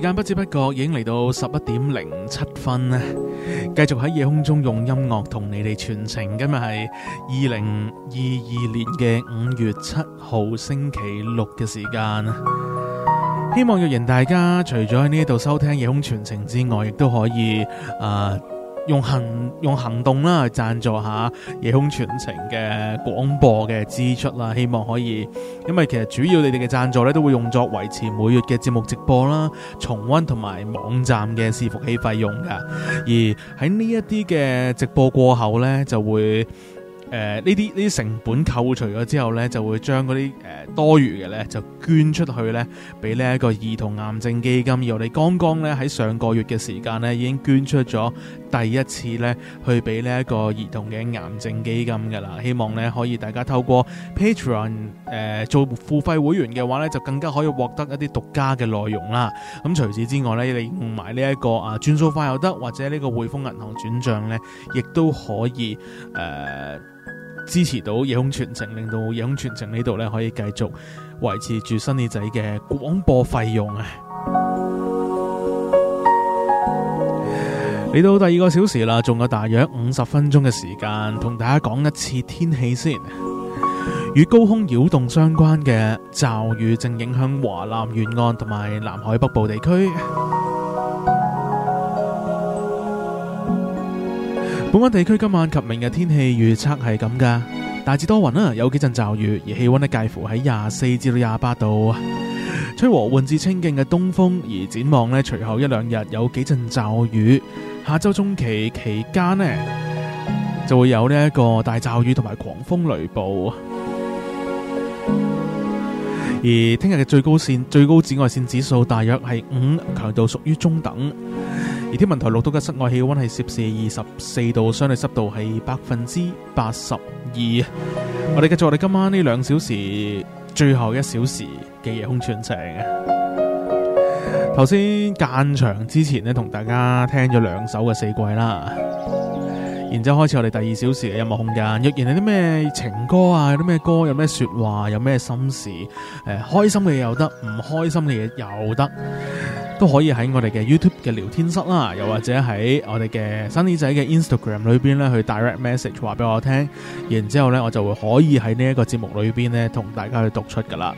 時間不知不覺已經嚟到十一點零七分啦，繼續喺夜空中用音樂同你哋傳情。今日係二零二二年嘅五月七號星期六嘅時間，希望若然大家除咗喺呢度收聽夜空傳情之外，亦都可以啊。呃用行用行動啦，去贊助下夜空傳情嘅廣播嘅支出啦，希望可以，因為其實主要你哋嘅贊助咧都會用作維持每月嘅節目直播啦、重溫同埋網站嘅伺服器費用㗎，而喺呢一啲嘅直播過後呢，就會。誒呢啲呢啲成本扣除咗之後呢，就會將嗰啲誒多餘嘅呢，就捐出去呢，俾呢一個兒童癌症基金。而我哋剛剛呢，喺上個月嘅時間呢，已經捐出咗第一次呢，去俾呢一個兒童嘅癌症基金噶啦。希望呢，可以大家透過 Patreon 誒、呃、做付費會員嘅話呢，就更加可以獲得一啲獨家嘅內容啦。咁除此之外呢，你用埋呢一個啊轉數快又得，或者呢個匯豐銀行轉帳呢，亦都可以誒。呃支持到《夜空傳情》，令到《夜空傳情》呢度咧可以繼續維持住 Sunny 仔嘅廣播費用啊！嚟到第二個小時啦，仲有大約五十分鐘嘅時間，同大家講一次天氣先。與高空擾動相關嘅驟雨正影響華南沿岸同埋南海北部地區。本港地區今晚及明日天氣預測係咁噶大致多雲有幾陣驟雨，而氣溫咧介乎喺廿四至到廿八度，吹和緩至清勁嘅東風。而展望咧，隨後一兩日有幾陣驟雨，下周中期期間就會有呢一個大驟雨同埋狂風雷暴。而聽日嘅最高線，最高紫外線指數大約係五，強度屬於中等。而天文台錄到嘅室外氣溫係攝氏二十四度，相對濕度係百分之八十二。我哋繼續我哋今晚呢兩小時最後一小時嘅夜空傳情啊！頭先間場之前呢，同大家聽咗兩首嘅四季啦。然之後開始我哋第二小時嘅音樂空間，若然有啲咩情歌啊，有啲咩歌，有咩說話，有咩心事，誒、呃、開心嘅又得，唔開心嘅嘢又得，都可以喺我哋嘅 YouTube 嘅聊天室啦，又或者喺我哋嘅 Sunny 仔嘅 Instagram 裏邊咧去 Direct Message 話俾我聽，然之後呢我就會可以喺呢一個節目裏邊呢，同大家去讀出噶啦。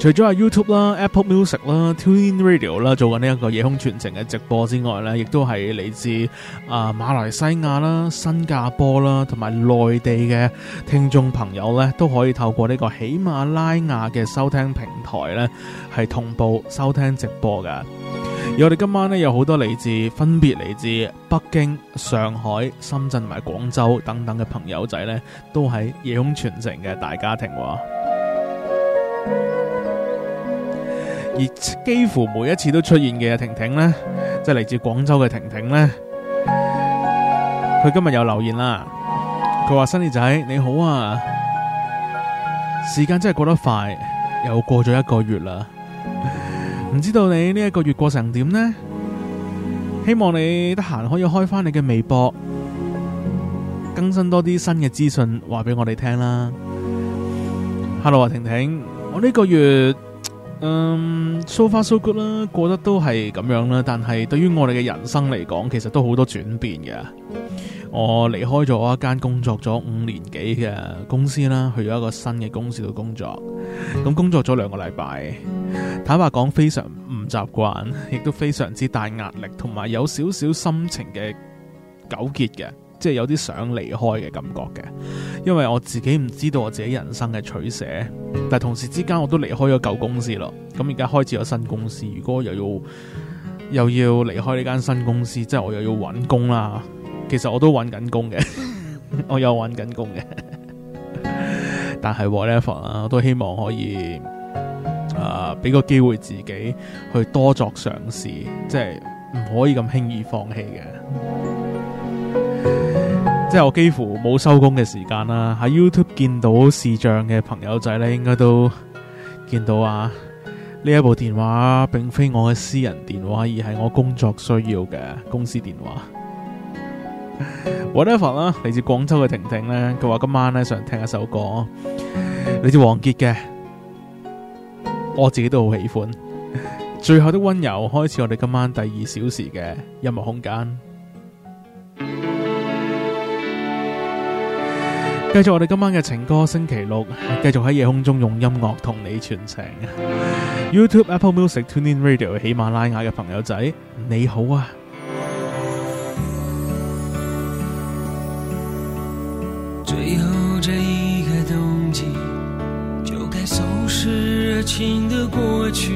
除咗係 YouTube 啦、Apple Music 啦、TuneIn Radio 啦，做緊呢一個夜空傳情嘅直播之外呢，亦都係嚟自啊、呃、馬來西亞啦、新加坡啦，同埋內地嘅聽眾朋友呢都可以透過呢個喜馬拉雅嘅收聽平台呢係同步收聽直播嘅。而我哋今晚呢，有好多嚟自，分別嚟自北京、上海、深圳同埋廣州等等嘅朋友仔呢都係夜空傳情嘅大家庭，啊。而幾乎每一次都出現嘅婷婷呢，即係嚟自廣州嘅婷婷呢。佢今日又留言啦。佢話 Sunny 仔你好啊，時間真係過得快，又過咗一個月啦。唔知道你呢一個月過成點呢？希望你得閒可以開翻你嘅微博，更新多啲新嘅資訊，話俾我哋聽啦。Hello 啊，婷婷，我呢個月。嗯，um，so far so good 啦，過得都係咁樣啦。但係對於我哋嘅人生嚟講，其實都好多轉變嘅。我離開咗一間工作咗五年幾嘅公司啦，去咗一個新嘅公司度工作。咁工作咗兩個禮拜，坦白講非常唔習慣，亦都非常之大壓力，同埋有少少心情嘅糾結嘅。即係有啲想離開嘅感覺嘅，因為我自己唔知道我自己人生嘅取捨，但係同時之間我都離開咗舊公司咯，咁而家開始咗新公司，如果又要又要離開呢間新公司，即係我又要揾工啦。其實我都揾緊工嘅，我有揾緊工嘅，但係 whatever 啦，我都希望可以啊，俾、呃、個機會自己去多作嘗試，即係唔可以咁輕易放棄嘅。即係我幾乎冇收工嘅時間啦，喺 YouTube 見到視像嘅朋友仔呢，應該都見到啊。呢一部電話並非我嘅私人電話，而係我工作需要嘅公司電話。Whatever 啦，嚟自廣州嘅婷婷呢，佢話今晚咧想聽一首歌，嚟自王傑嘅，我自己都好喜歡。最後的溫柔，開始我哋今晚第二小時嘅音樂空間。繼續我哋今晚嘅情歌，星期六繼續喺夜空中用音樂同你傳情。YouTube、Apple Music、Tune In Radio、喜馬拉雅嘅朋友仔，你好啊！最後這一個冬季，就該收拾熱情的過去，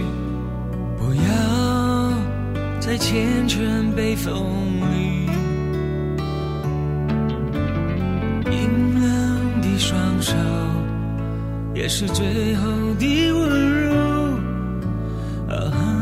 不要再前塵被風雨分手，也是最後的溫柔，啊。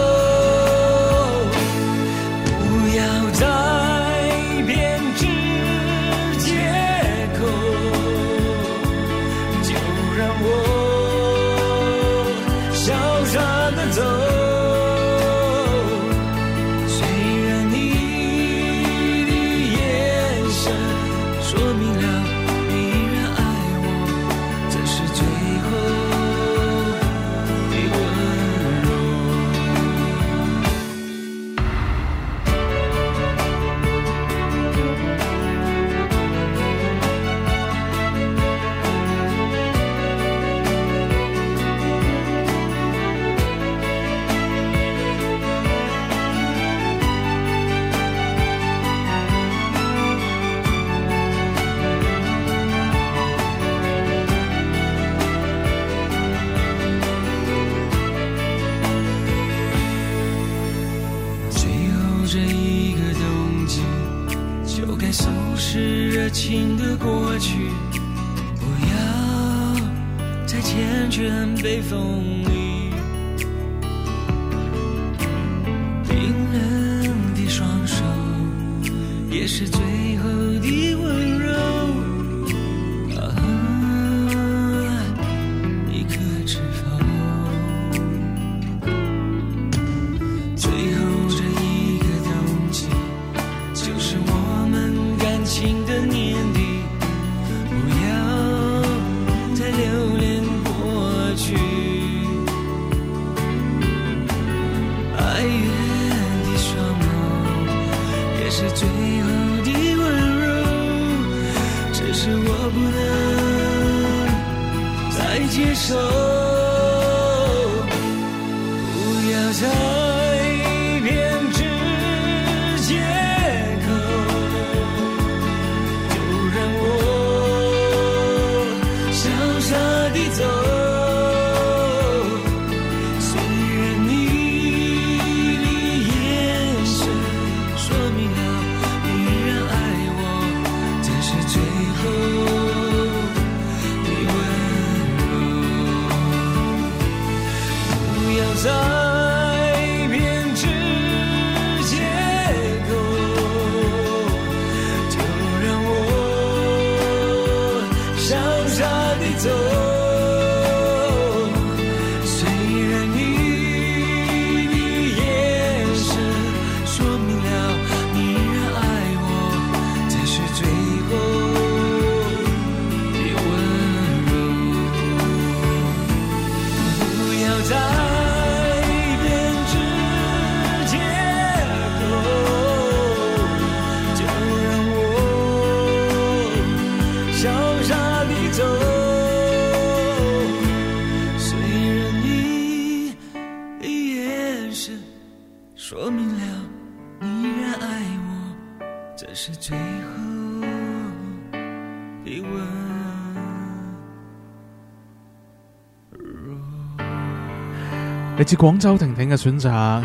是廣州婷婷嘅選擇，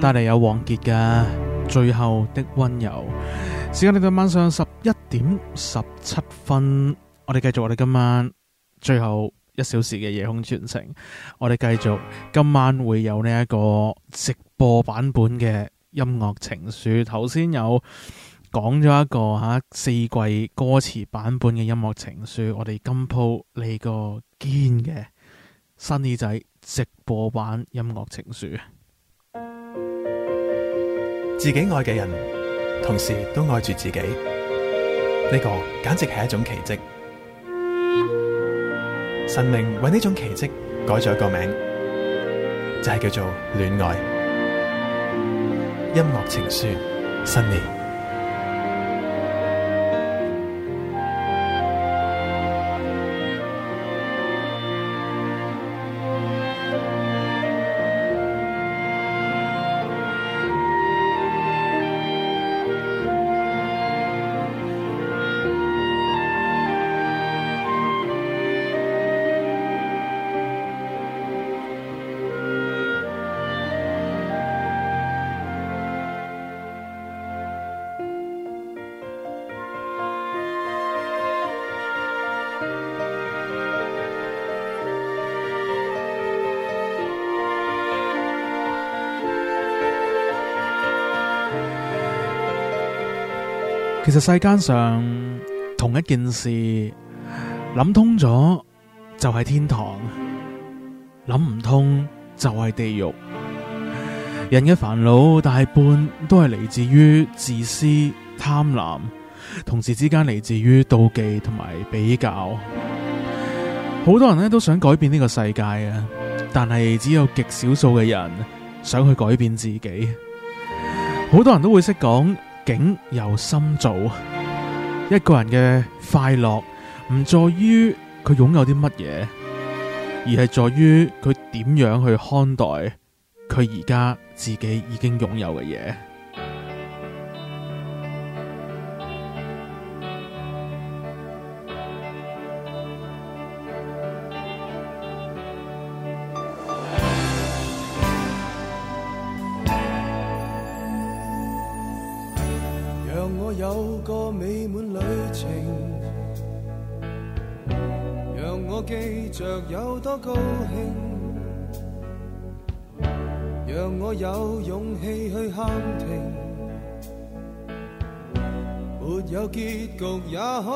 帶嚟有王傑嘅最後的温柔。時間嚟到晚上十一點十七分，我哋繼續我哋今晚最後一小時嘅夜空傳情。我哋繼續今晚會有呢一個直播版本嘅音樂情書。頭先有講咗一個吓四季歌詞版本嘅音樂情書，我哋今鋪你個堅嘅新耳仔。直播版音樂情書，自己愛嘅人，同時都愛住自己，呢、這個簡直係一種奇迹。神明為呢種奇迹改咗個名，就係、是、叫做戀愛音樂情書新年。其實世間上同一件事，諗通咗就係天堂，諗唔通就係地獄。人嘅煩惱大半都係嚟自於自私、貪婪，同時之間嚟自於妒忌同埋比較。好多人呢都想改變呢個世界啊，但係只有極少數嘅人想去改變自己。好多人都會識講。境由心造，一個人嘅快樂唔在於佢擁有啲乜嘢，而係在於佢點樣去看待佢而家自己已經擁有嘅嘢。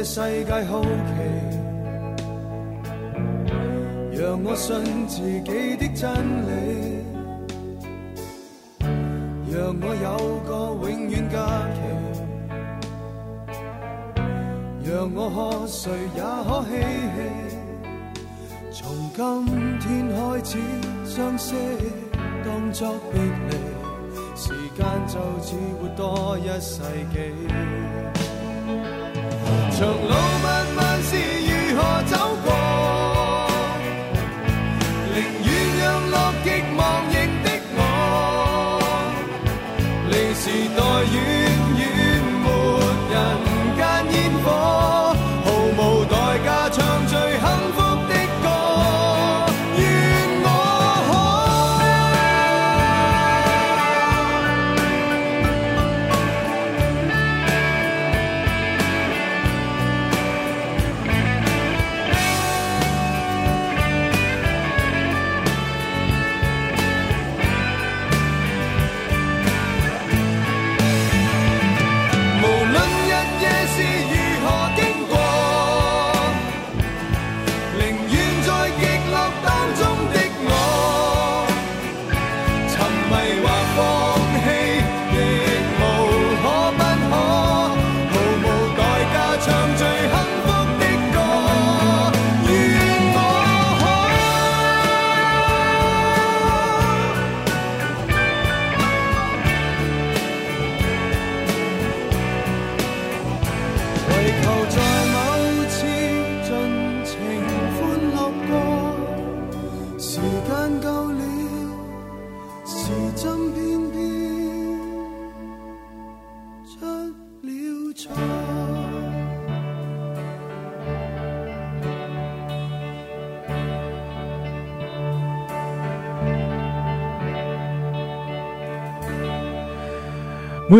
這世界好奇，讓我信自己的真理，讓我有個永遠假期，讓我喝誰也可嬉戲。從今天開始相，相識當作別離，時間就只活多一世紀。長路漫漫是如何走過？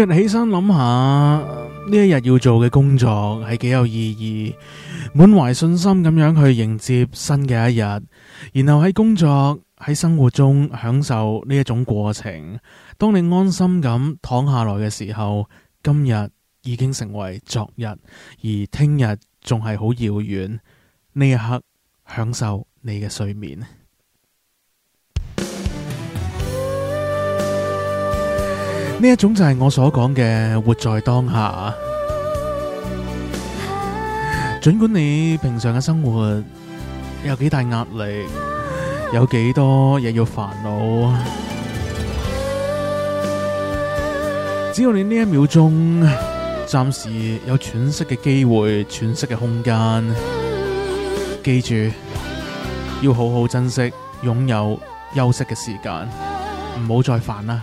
起身諗下呢一日要做嘅工作係幾有意義，滿懷信心咁樣去迎接新嘅一日，然後喺工作喺生活中享受呢一種過程。當你安心咁躺下來嘅時候，今日已經成為昨日，而聽日仲係好遙遠。呢一刻，享受你嘅睡眠。呢一種就係我所講嘅活在當下。盡管你平常嘅生活有幾大壓力，有幾多嘢要煩惱，只要你呢一秒鐘暫時有喘息嘅機會、喘息嘅空間，記住要好好珍惜，擁有休息嘅時間，唔好再煩啦。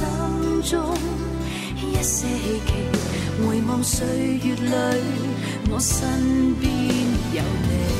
心中一些希冀，回望歲月裏，我身邊有你。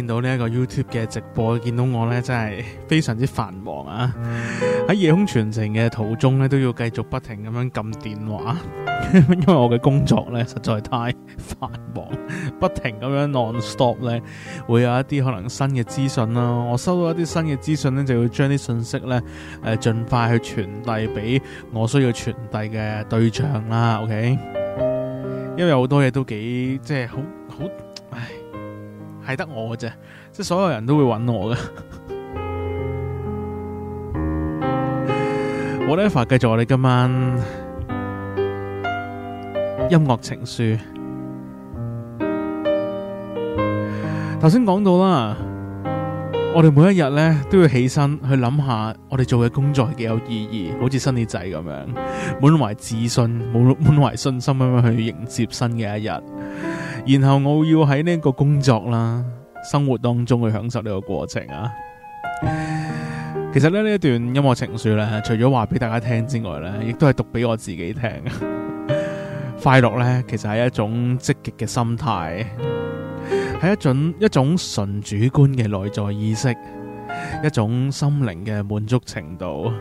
見到呢一個 YouTube 嘅直播，見到我咧真係非常之繁忙啊！喺夜空傳情嘅途中咧，都要繼續不停咁樣撳電話， 因為我嘅工作咧實在太繁忙， 不停咁樣 non-stop 咧，會有一啲可能新嘅資訊啦。我收到一啲新嘅資訊咧，就要將啲信息咧誒盡快去傳遞俾我需要傳遞嘅對象啦。OK，因為有好多嘢都幾即係好。係得我嘅啫，即係所有人都會揾我嘅。 Whatever，繼續我咧，繼續我哋今晚音樂情書。頭先講到啦，我哋每一日咧都要起身去諗下，我哋做嘅工作係幾有意義，好似 Sunny 仔咁樣，滿懷自信、冇滿懷信心咁樣去迎接新嘅一日。然後我要喺呢個工作啦、生活當中去享受呢個過程啊。其實呢一段音樂情書咧，除咗話俾大家聽之外咧，亦都係讀俾我自己聽。快樂咧，其實係一種積極嘅心態，係一種一種純主觀嘅內在意識，一種心靈嘅滿足程度。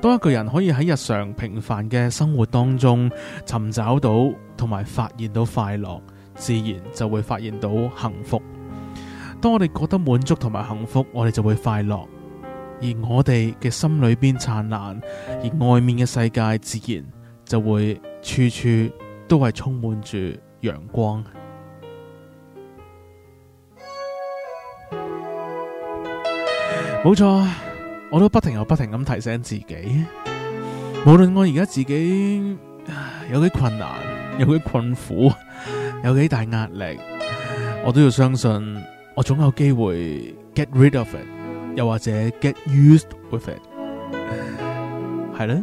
當一個人可以喺日常平凡嘅生活當中尋找到同埋發現到快樂，自然就會發現到幸福。當我哋覺得滿足同埋幸福，我哋就會快樂。而我哋嘅心裏邊燦爛，而外面嘅世界自然就會處處都係充滿住陽光。冇錯。我都不停又不停咁提醒自己，無論我而家自己有幾困難、有幾困苦、有幾大壓力，我都要相信我總有機會 get rid of it，又或者 get used with it。係啦。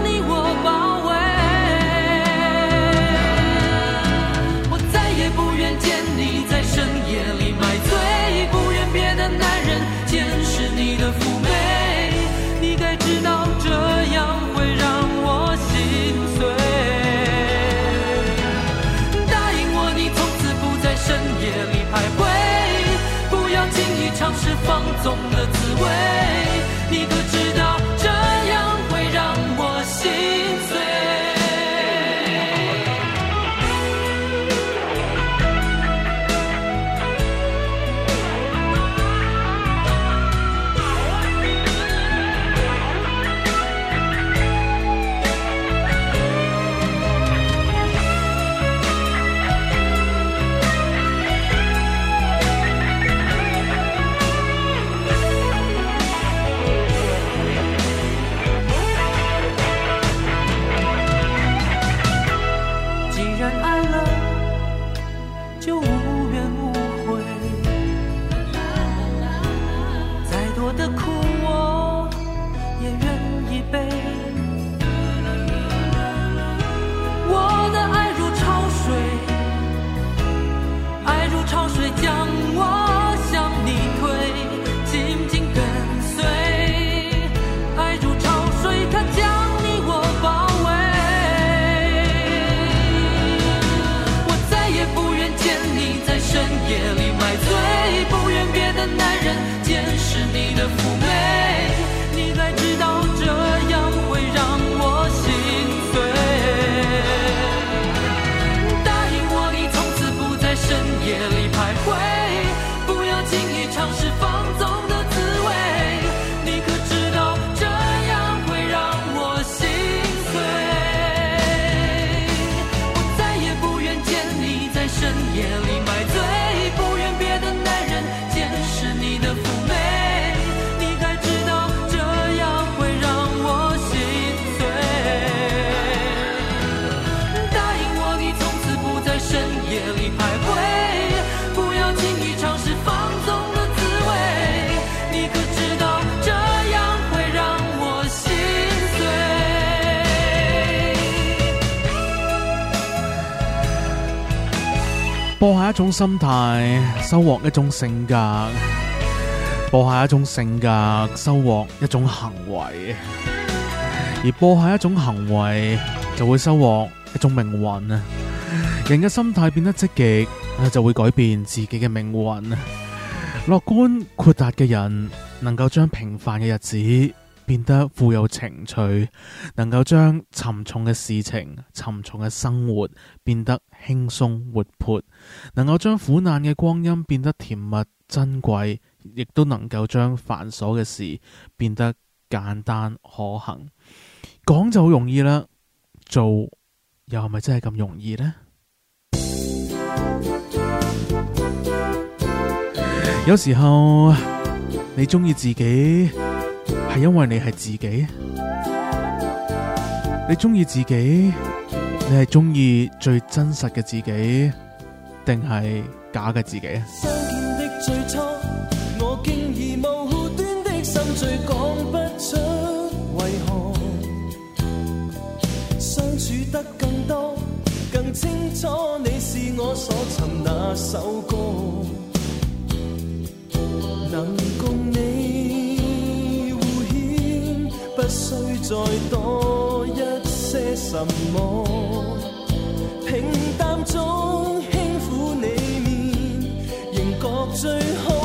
放縱的滋味。播下一種心態，收穫一種性格；播下一種性格，收穫一種行為；而播下一種行為，就會收穫一種命運啊！人嘅心態變得積極，就會改變自己嘅命運。樂觀豁達嘅人，能夠將平凡嘅日子。變得富有情趣，能夠將沉重嘅事情、沉重嘅生活變得輕鬆活潑，能夠將苦難嘅光陰變得甜蜜珍貴，亦都能夠將繁瑣嘅事變得簡單可行。講就好容易啦，做又係咪真係咁容易呢？有時候你中意自己。係因為你係自己，你中意自己，你係中意最真實嘅自己，定係假嘅自己啊？無需再多一些什麼？平淡中輕撫你面，仍覺最好。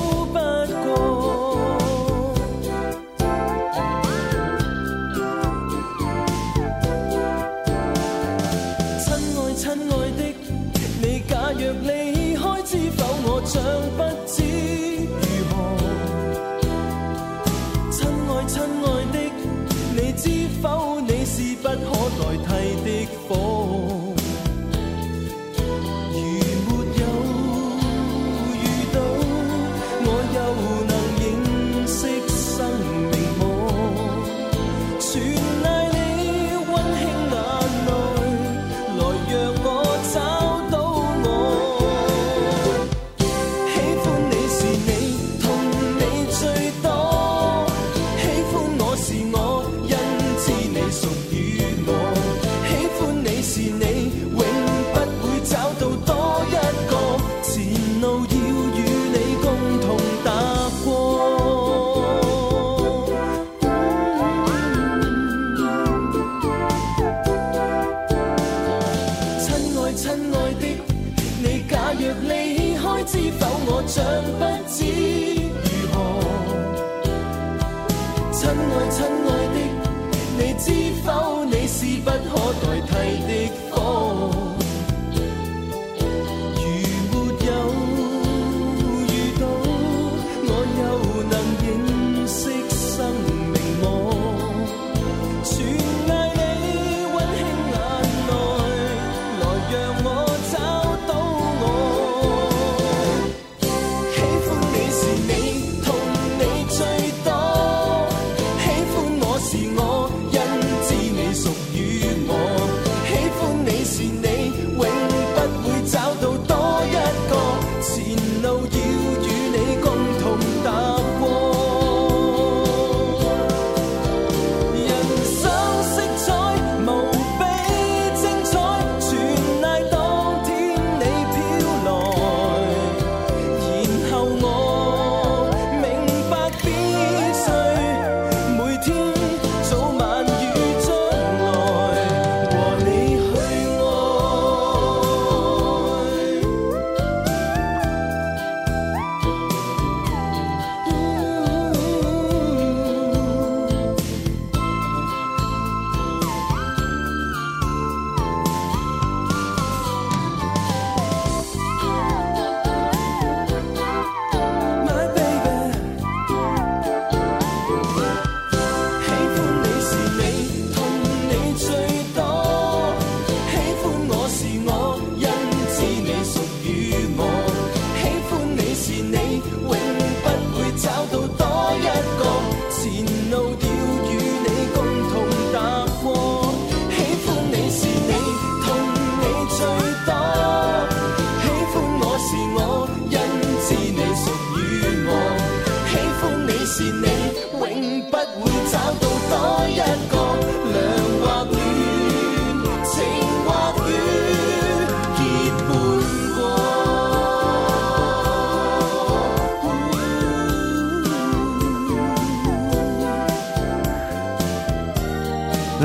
親愛，親愛的，你知否？你是不可代替的。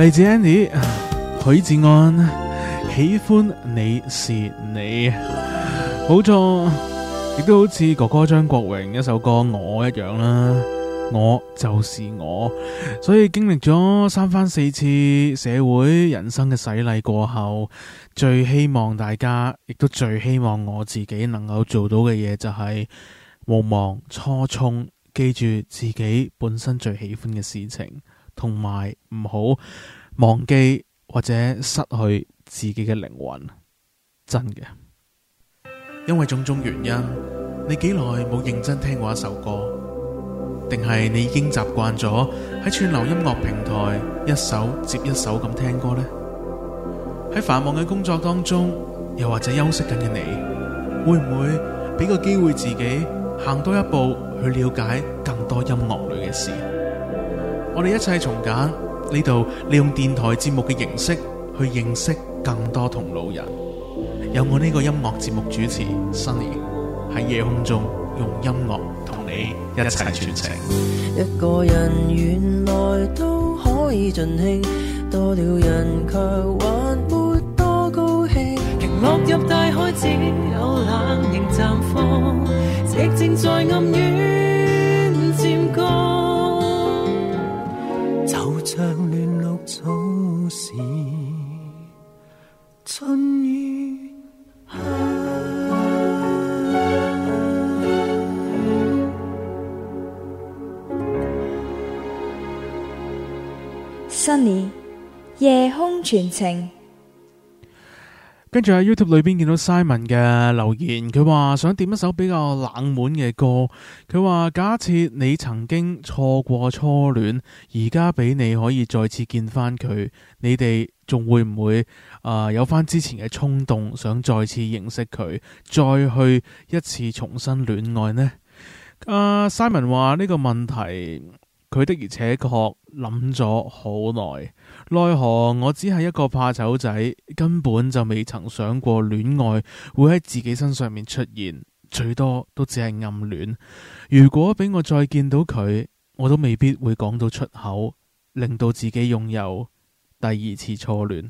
嚟自 Andy 許志安，喜歡你是你，錯好在亦都好似哥哥張國榮一首歌我一樣啦，我就是我。所以經歷咗三番四次社會人生嘅洗禮過後，最希望大家亦都最希望我自己能夠做到嘅嘢，就是，就係無忘初衷，記住自己本身最喜歡嘅事情。同埋唔好忘記或者失去自己嘅靈魂，真嘅。因為種種原因，你幾耐冇認真聽過一首歌？定係你已經習慣咗喺串流音樂平台一首接一首咁聽歌呢？喺繁忙嘅工作當中，又或者休息緊嘅你，會唔會俾個機會自己行多一步去了解更多音樂裏嘅事？我哋一齊重簡呢度，利用電台節目嘅形式去認識更多同路人。有我呢個音樂節目主持，Sunny 喺夜空中用音樂同你一齊傳情。一個人原來都可以盡興，多了人卻還沒多高興。情落入大海，只有冷。夜空傳情，跟住喺 YouTube 裡邊見到 Simon 嘅留言，佢話想點一首比較冷門嘅歌。佢話假設你曾經錯過初戀，而家俾你可以再次見返佢，你哋仲會唔會啊、呃、有翻之前嘅衝動，想再次認識佢，再去一次重新戀愛呢？呃，Simon 話呢個問題。佢的而且確諗咗好耐，奈何我只係一個怕醜仔，根本就未曾想過戀愛會喺自己身上面出現，最多都只係暗戀。如果俾我再見到佢，我都未必會講到出口，令到自己擁有第二次初戀。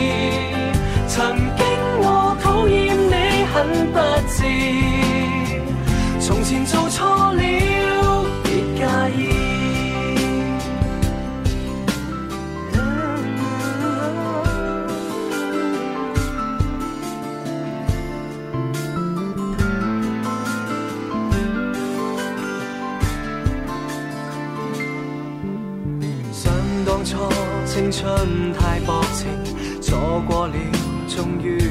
很不智，從前做錯了，別介意、嗯嗯嗯。想當初青春太薄情，錯過了，終於。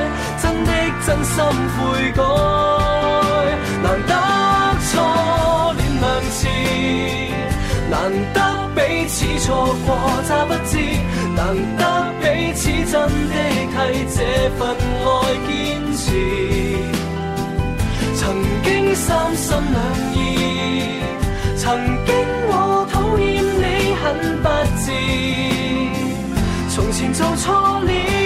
真心悔改，難得初戀兩次，難得彼此錯過乍不知，難得彼此真的替這份愛堅持。曾經三心兩意，曾經我討厭你很不智，從前做錯了。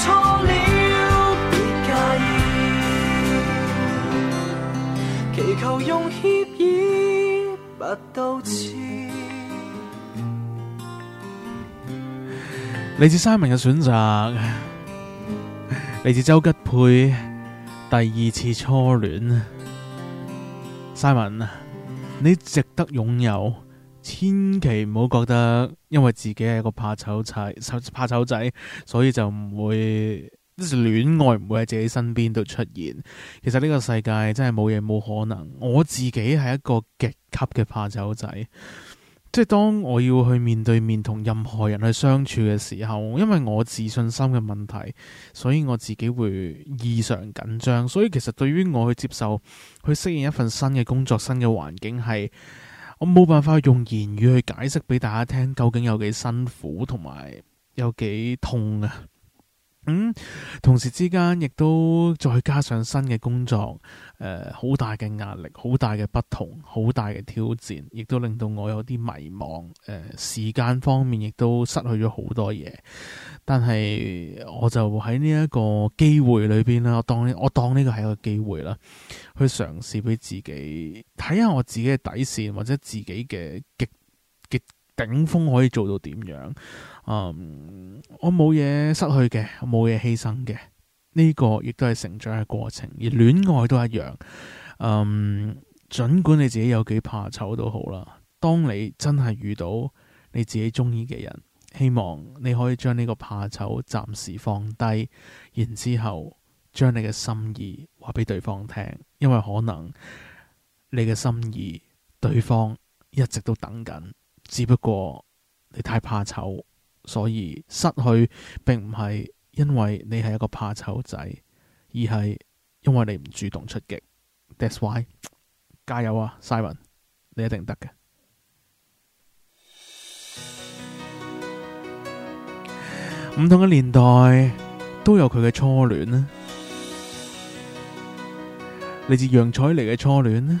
錯了，別介意。祈求用歉意，不道恥。來自 Simon 嘅選擇，來自周吉佩第二次初戀。Simon，你值得擁有，千祈唔好覺得。因為自己係一個怕醜仔，怕醜仔，所以就唔會，即係戀愛唔會喺自己身邊度出現。其實呢個世界真係冇嘢冇可能。我自己係一個極級嘅怕醜仔，即係當我要去面對面同任何人去相處嘅時候，因為我自信心嘅問題，所以我自己會異常緊張。所以其實對於我去接受、去適應一份新嘅工作、新嘅環境係。我冇辦法用言語去解釋俾大家聽究竟有幾辛苦，同埋有幾痛啊！嗯，同時之間亦都再加上新嘅工作，誒、呃，好大嘅壓力，好大嘅不同，好大嘅挑戰，亦都令到我有啲迷茫。誒、呃，時間方面亦都失去咗好多嘢。但係我就喺呢一個機會裏邊啦，我當呢我當呢個係一個機會啦，去嘗試俾自己睇下我自己嘅底線，或者自己嘅極極頂峰可以做到點樣。嗯，我冇嘢失去嘅，我冇嘢犧牲嘅，呢個亦都係成長嘅過程，而戀愛都一樣。嗯，盡管你自己有幾怕醜都好啦，當你真係遇到你自己中意嘅人。希望你可以將呢個怕醜暫時放低，然之後將你嘅心意話俾對方聽，因為可能你嘅心意對方一直都等緊，只不過你太怕醜，所以失去並唔係因為你係一個怕醜仔，而係因為你唔主動出擊。That's why，加油啊，Simon，你一定得嘅。唔同嘅年代都有佢嘅初戀啦，嚟自楊采妮嘅初戀咧。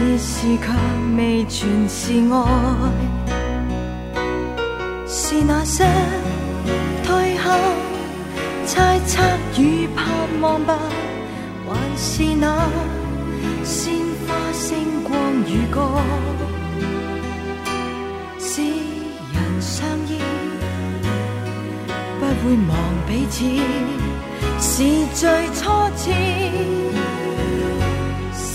只是卻未全是愛，是那些退後、猜測與盼望吧，還是那鮮花、星光與歌，使人相依，不會忘彼此，是最初次。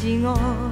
是我。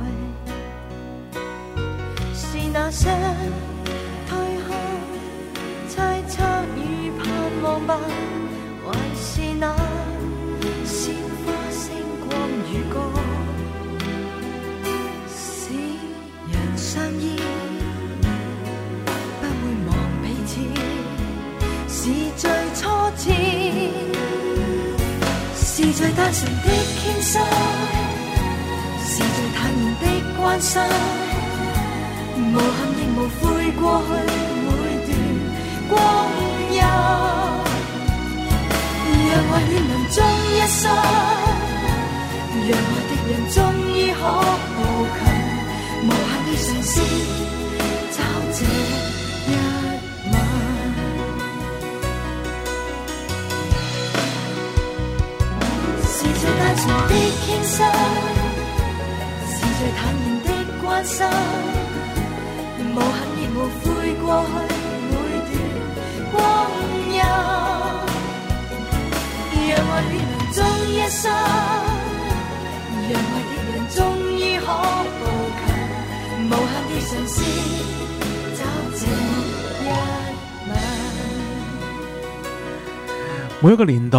呢個年代，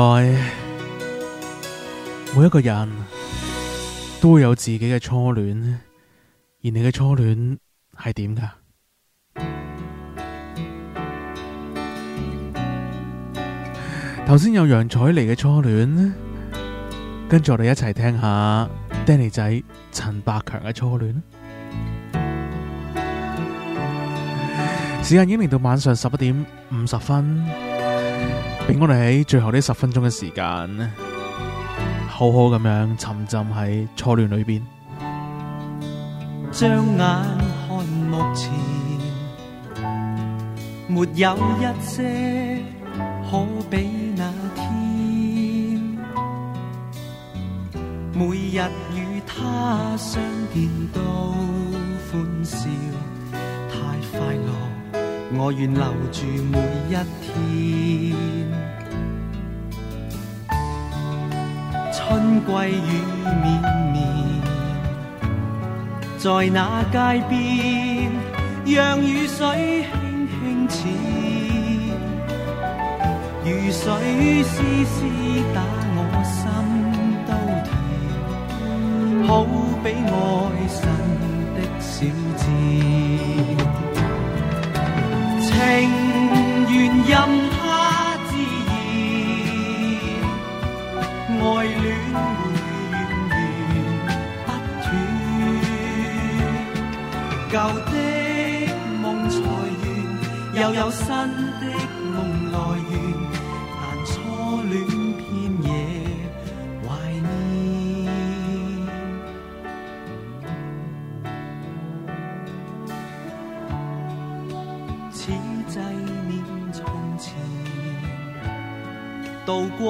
每一個人都會有自己嘅初戀，而你嘅初戀係點噶？頭先有楊采妮嘅初戀，跟住我哋一齊聽下 Danny 仔陳百強嘅初戀。時間已經嚟到晚上十一點五十分。俾我哋喺最後呢十分鐘嘅時間，好好咁樣沉浸喺初戀裏邊。張眼看目前，沒有一些可比那天，每日與他相見都歡笑，太快樂。我願留住每一天，春季雨綿綿，在那街邊，讓雨水輕輕淺，雨水絲絲打我心都甜，好比愛神的小箭。情願任它自然，愛戀源源不斷，舊的夢才完，又有新。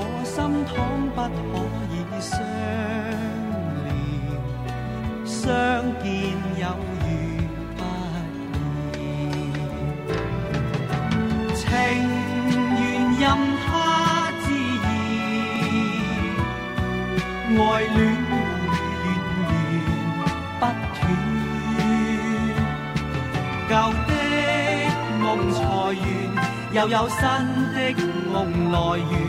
我心痛，不可以相連，相見有緣不言，情緣任他自然，愛戀綿綿不斷，舊的夢才完，又有新的夢來圓。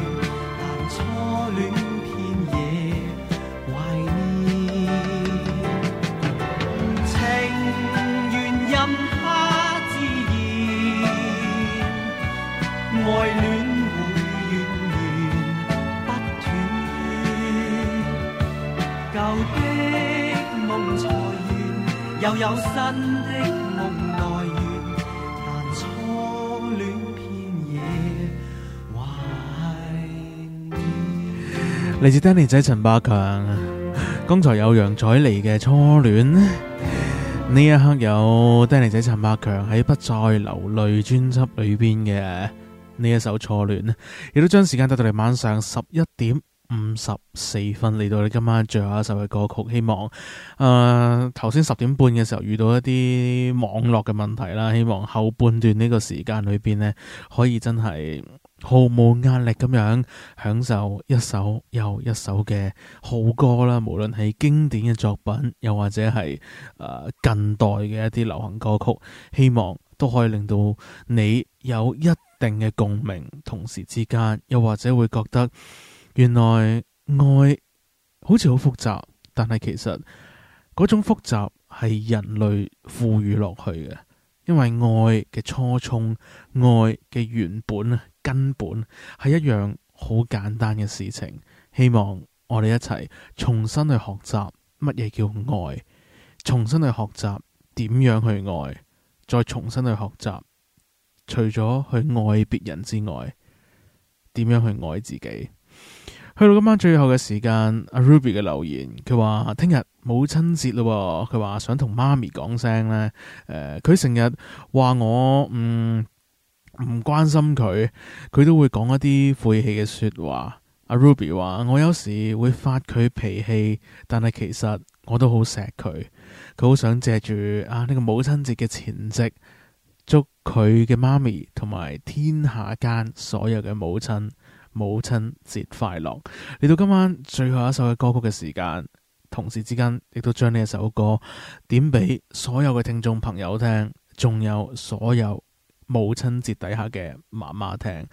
嚟自 Danny 仔陳百強，剛才有楊采妮嘅《初戀》，呢一刻有 Danny 仔陳百強喺《不再流淚》專輯裏邊嘅呢一首《初戀》，亦都將時間帶到嚟晚上十一點五十四分嚟到你今晚最後一首嘅歌曲。希望誒頭先十點半嘅時候遇到一啲網絡嘅問題啦，希望後半段呢個時間裏邊呢，可以真係。毫無壓力咁樣享受一首又一首嘅好歌啦，無論係經典嘅作品，又或者係誒、呃、近代嘅一啲流行歌曲，希望都可以令到你有一定嘅共鳴，同時之間又或者會覺得原來愛好似好複雜，但係其實嗰種複雜係人類賦予落去嘅。因為愛嘅初衷、愛嘅原本根本係一樣好簡單嘅事情。希望我哋一齊重新去學習乜嘢叫愛，重新去學習點樣去愛，再重新去學習除咗去愛別人之外，點樣去愛自己。去到今晚最後嘅時間，阿 Ruby 嘅留言，佢話聽日，母親節咯，佢話想同媽咪講聲呢。佢成日話我唔唔、嗯、關心佢，佢都會講一啲晦氣嘅說話。阿 Ruby 話我有時會發佢脾氣，但係其實我都好錫佢，佢好想借住啊呢、這個母親節嘅前夕，祝佢嘅媽咪同埋天下間所有嘅母親母親節快樂。嚟到今晚最後一首嘅歌曲嘅時間。同時之間亦都將呢一首歌點俾所有嘅聽眾朋友聽，仲有所有母親節底下嘅媽媽聽，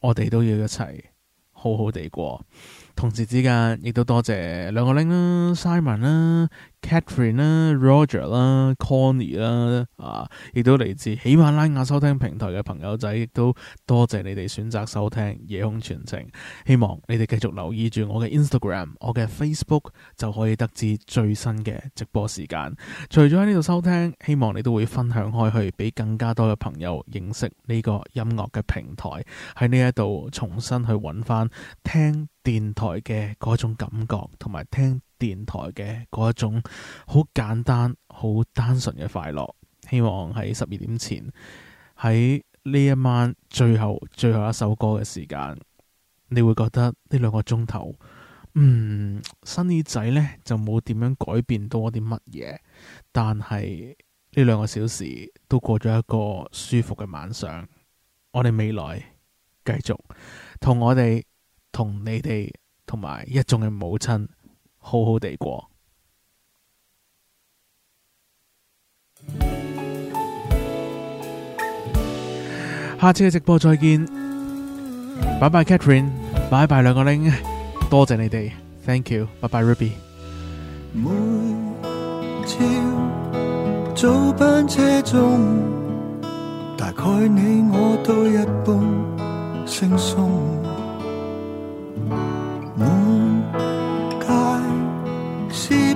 我哋都要一齊好好地過。同時之間亦都多謝兩個拎啦，Simon 啦。Katherine 啦、Catherine, Roger 啦、Connie 啦啊，亦都嚟自喜馬拉雅收聽平台嘅朋友仔，亦都多謝你哋選擇收聽夜空傳情。希望你哋繼續留意住我嘅 Instagram、我嘅 Facebook，就可以得知最新嘅直播時間。除咗喺呢度收聽，希望你都會分享開去，俾更加多嘅朋友認識呢個音樂嘅平台。喺呢一度重新去揾翻聽電台嘅嗰種感覺，同埋聽電台嘅嗰一種好簡單、好單純嘅快樂，希望喺十二點前喺呢一晚最後最後一首歌嘅時間，你會覺得呢兩個鐘頭，嗯，新耳仔咧就冇點樣改變到啲乜嘢，但係呢兩個小時都過咗一個舒服嘅晚上。我哋未來繼續同我哋、同你哋、同埋一眾嘅母親。好好地過，下次嘅直播再見。拜拜 Catherine，拜拜兩個 ling，多謝你哋，thank you，拜拜 Ruby。每朝早班車中，大概你我都一般惺忪。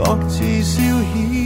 各自消遣。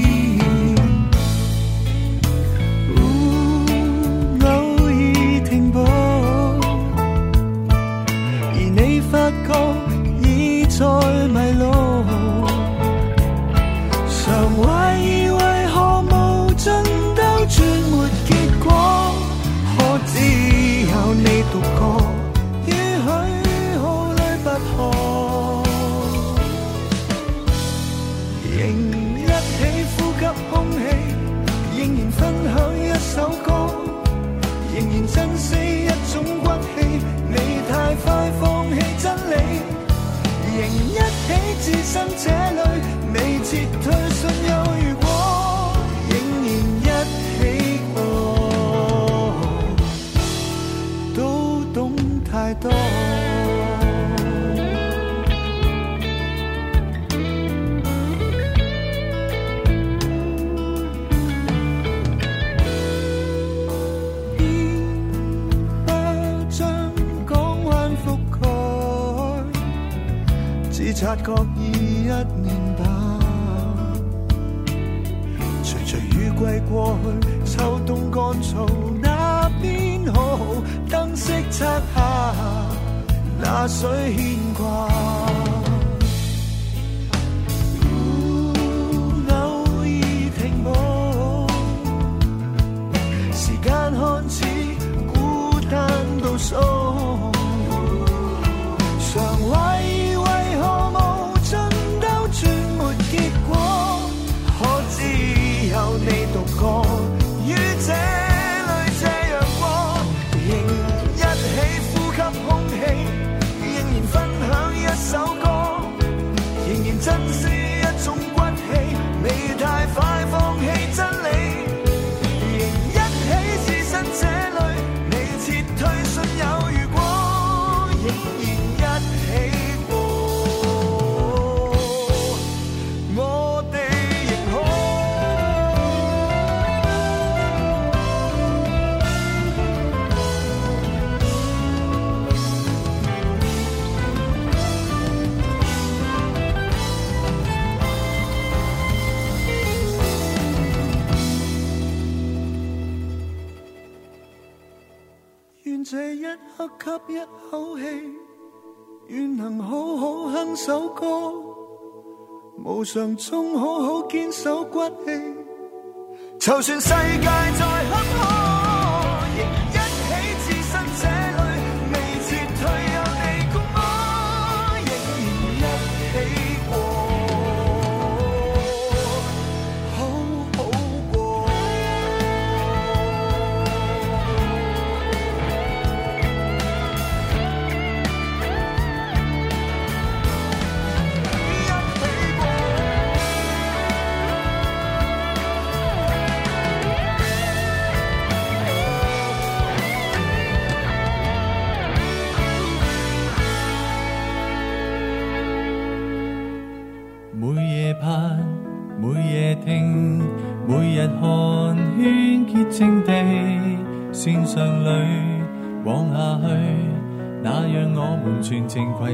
吸一口氣，願能好好哼首歌，無常中好好堅守骨氣， 就算世界。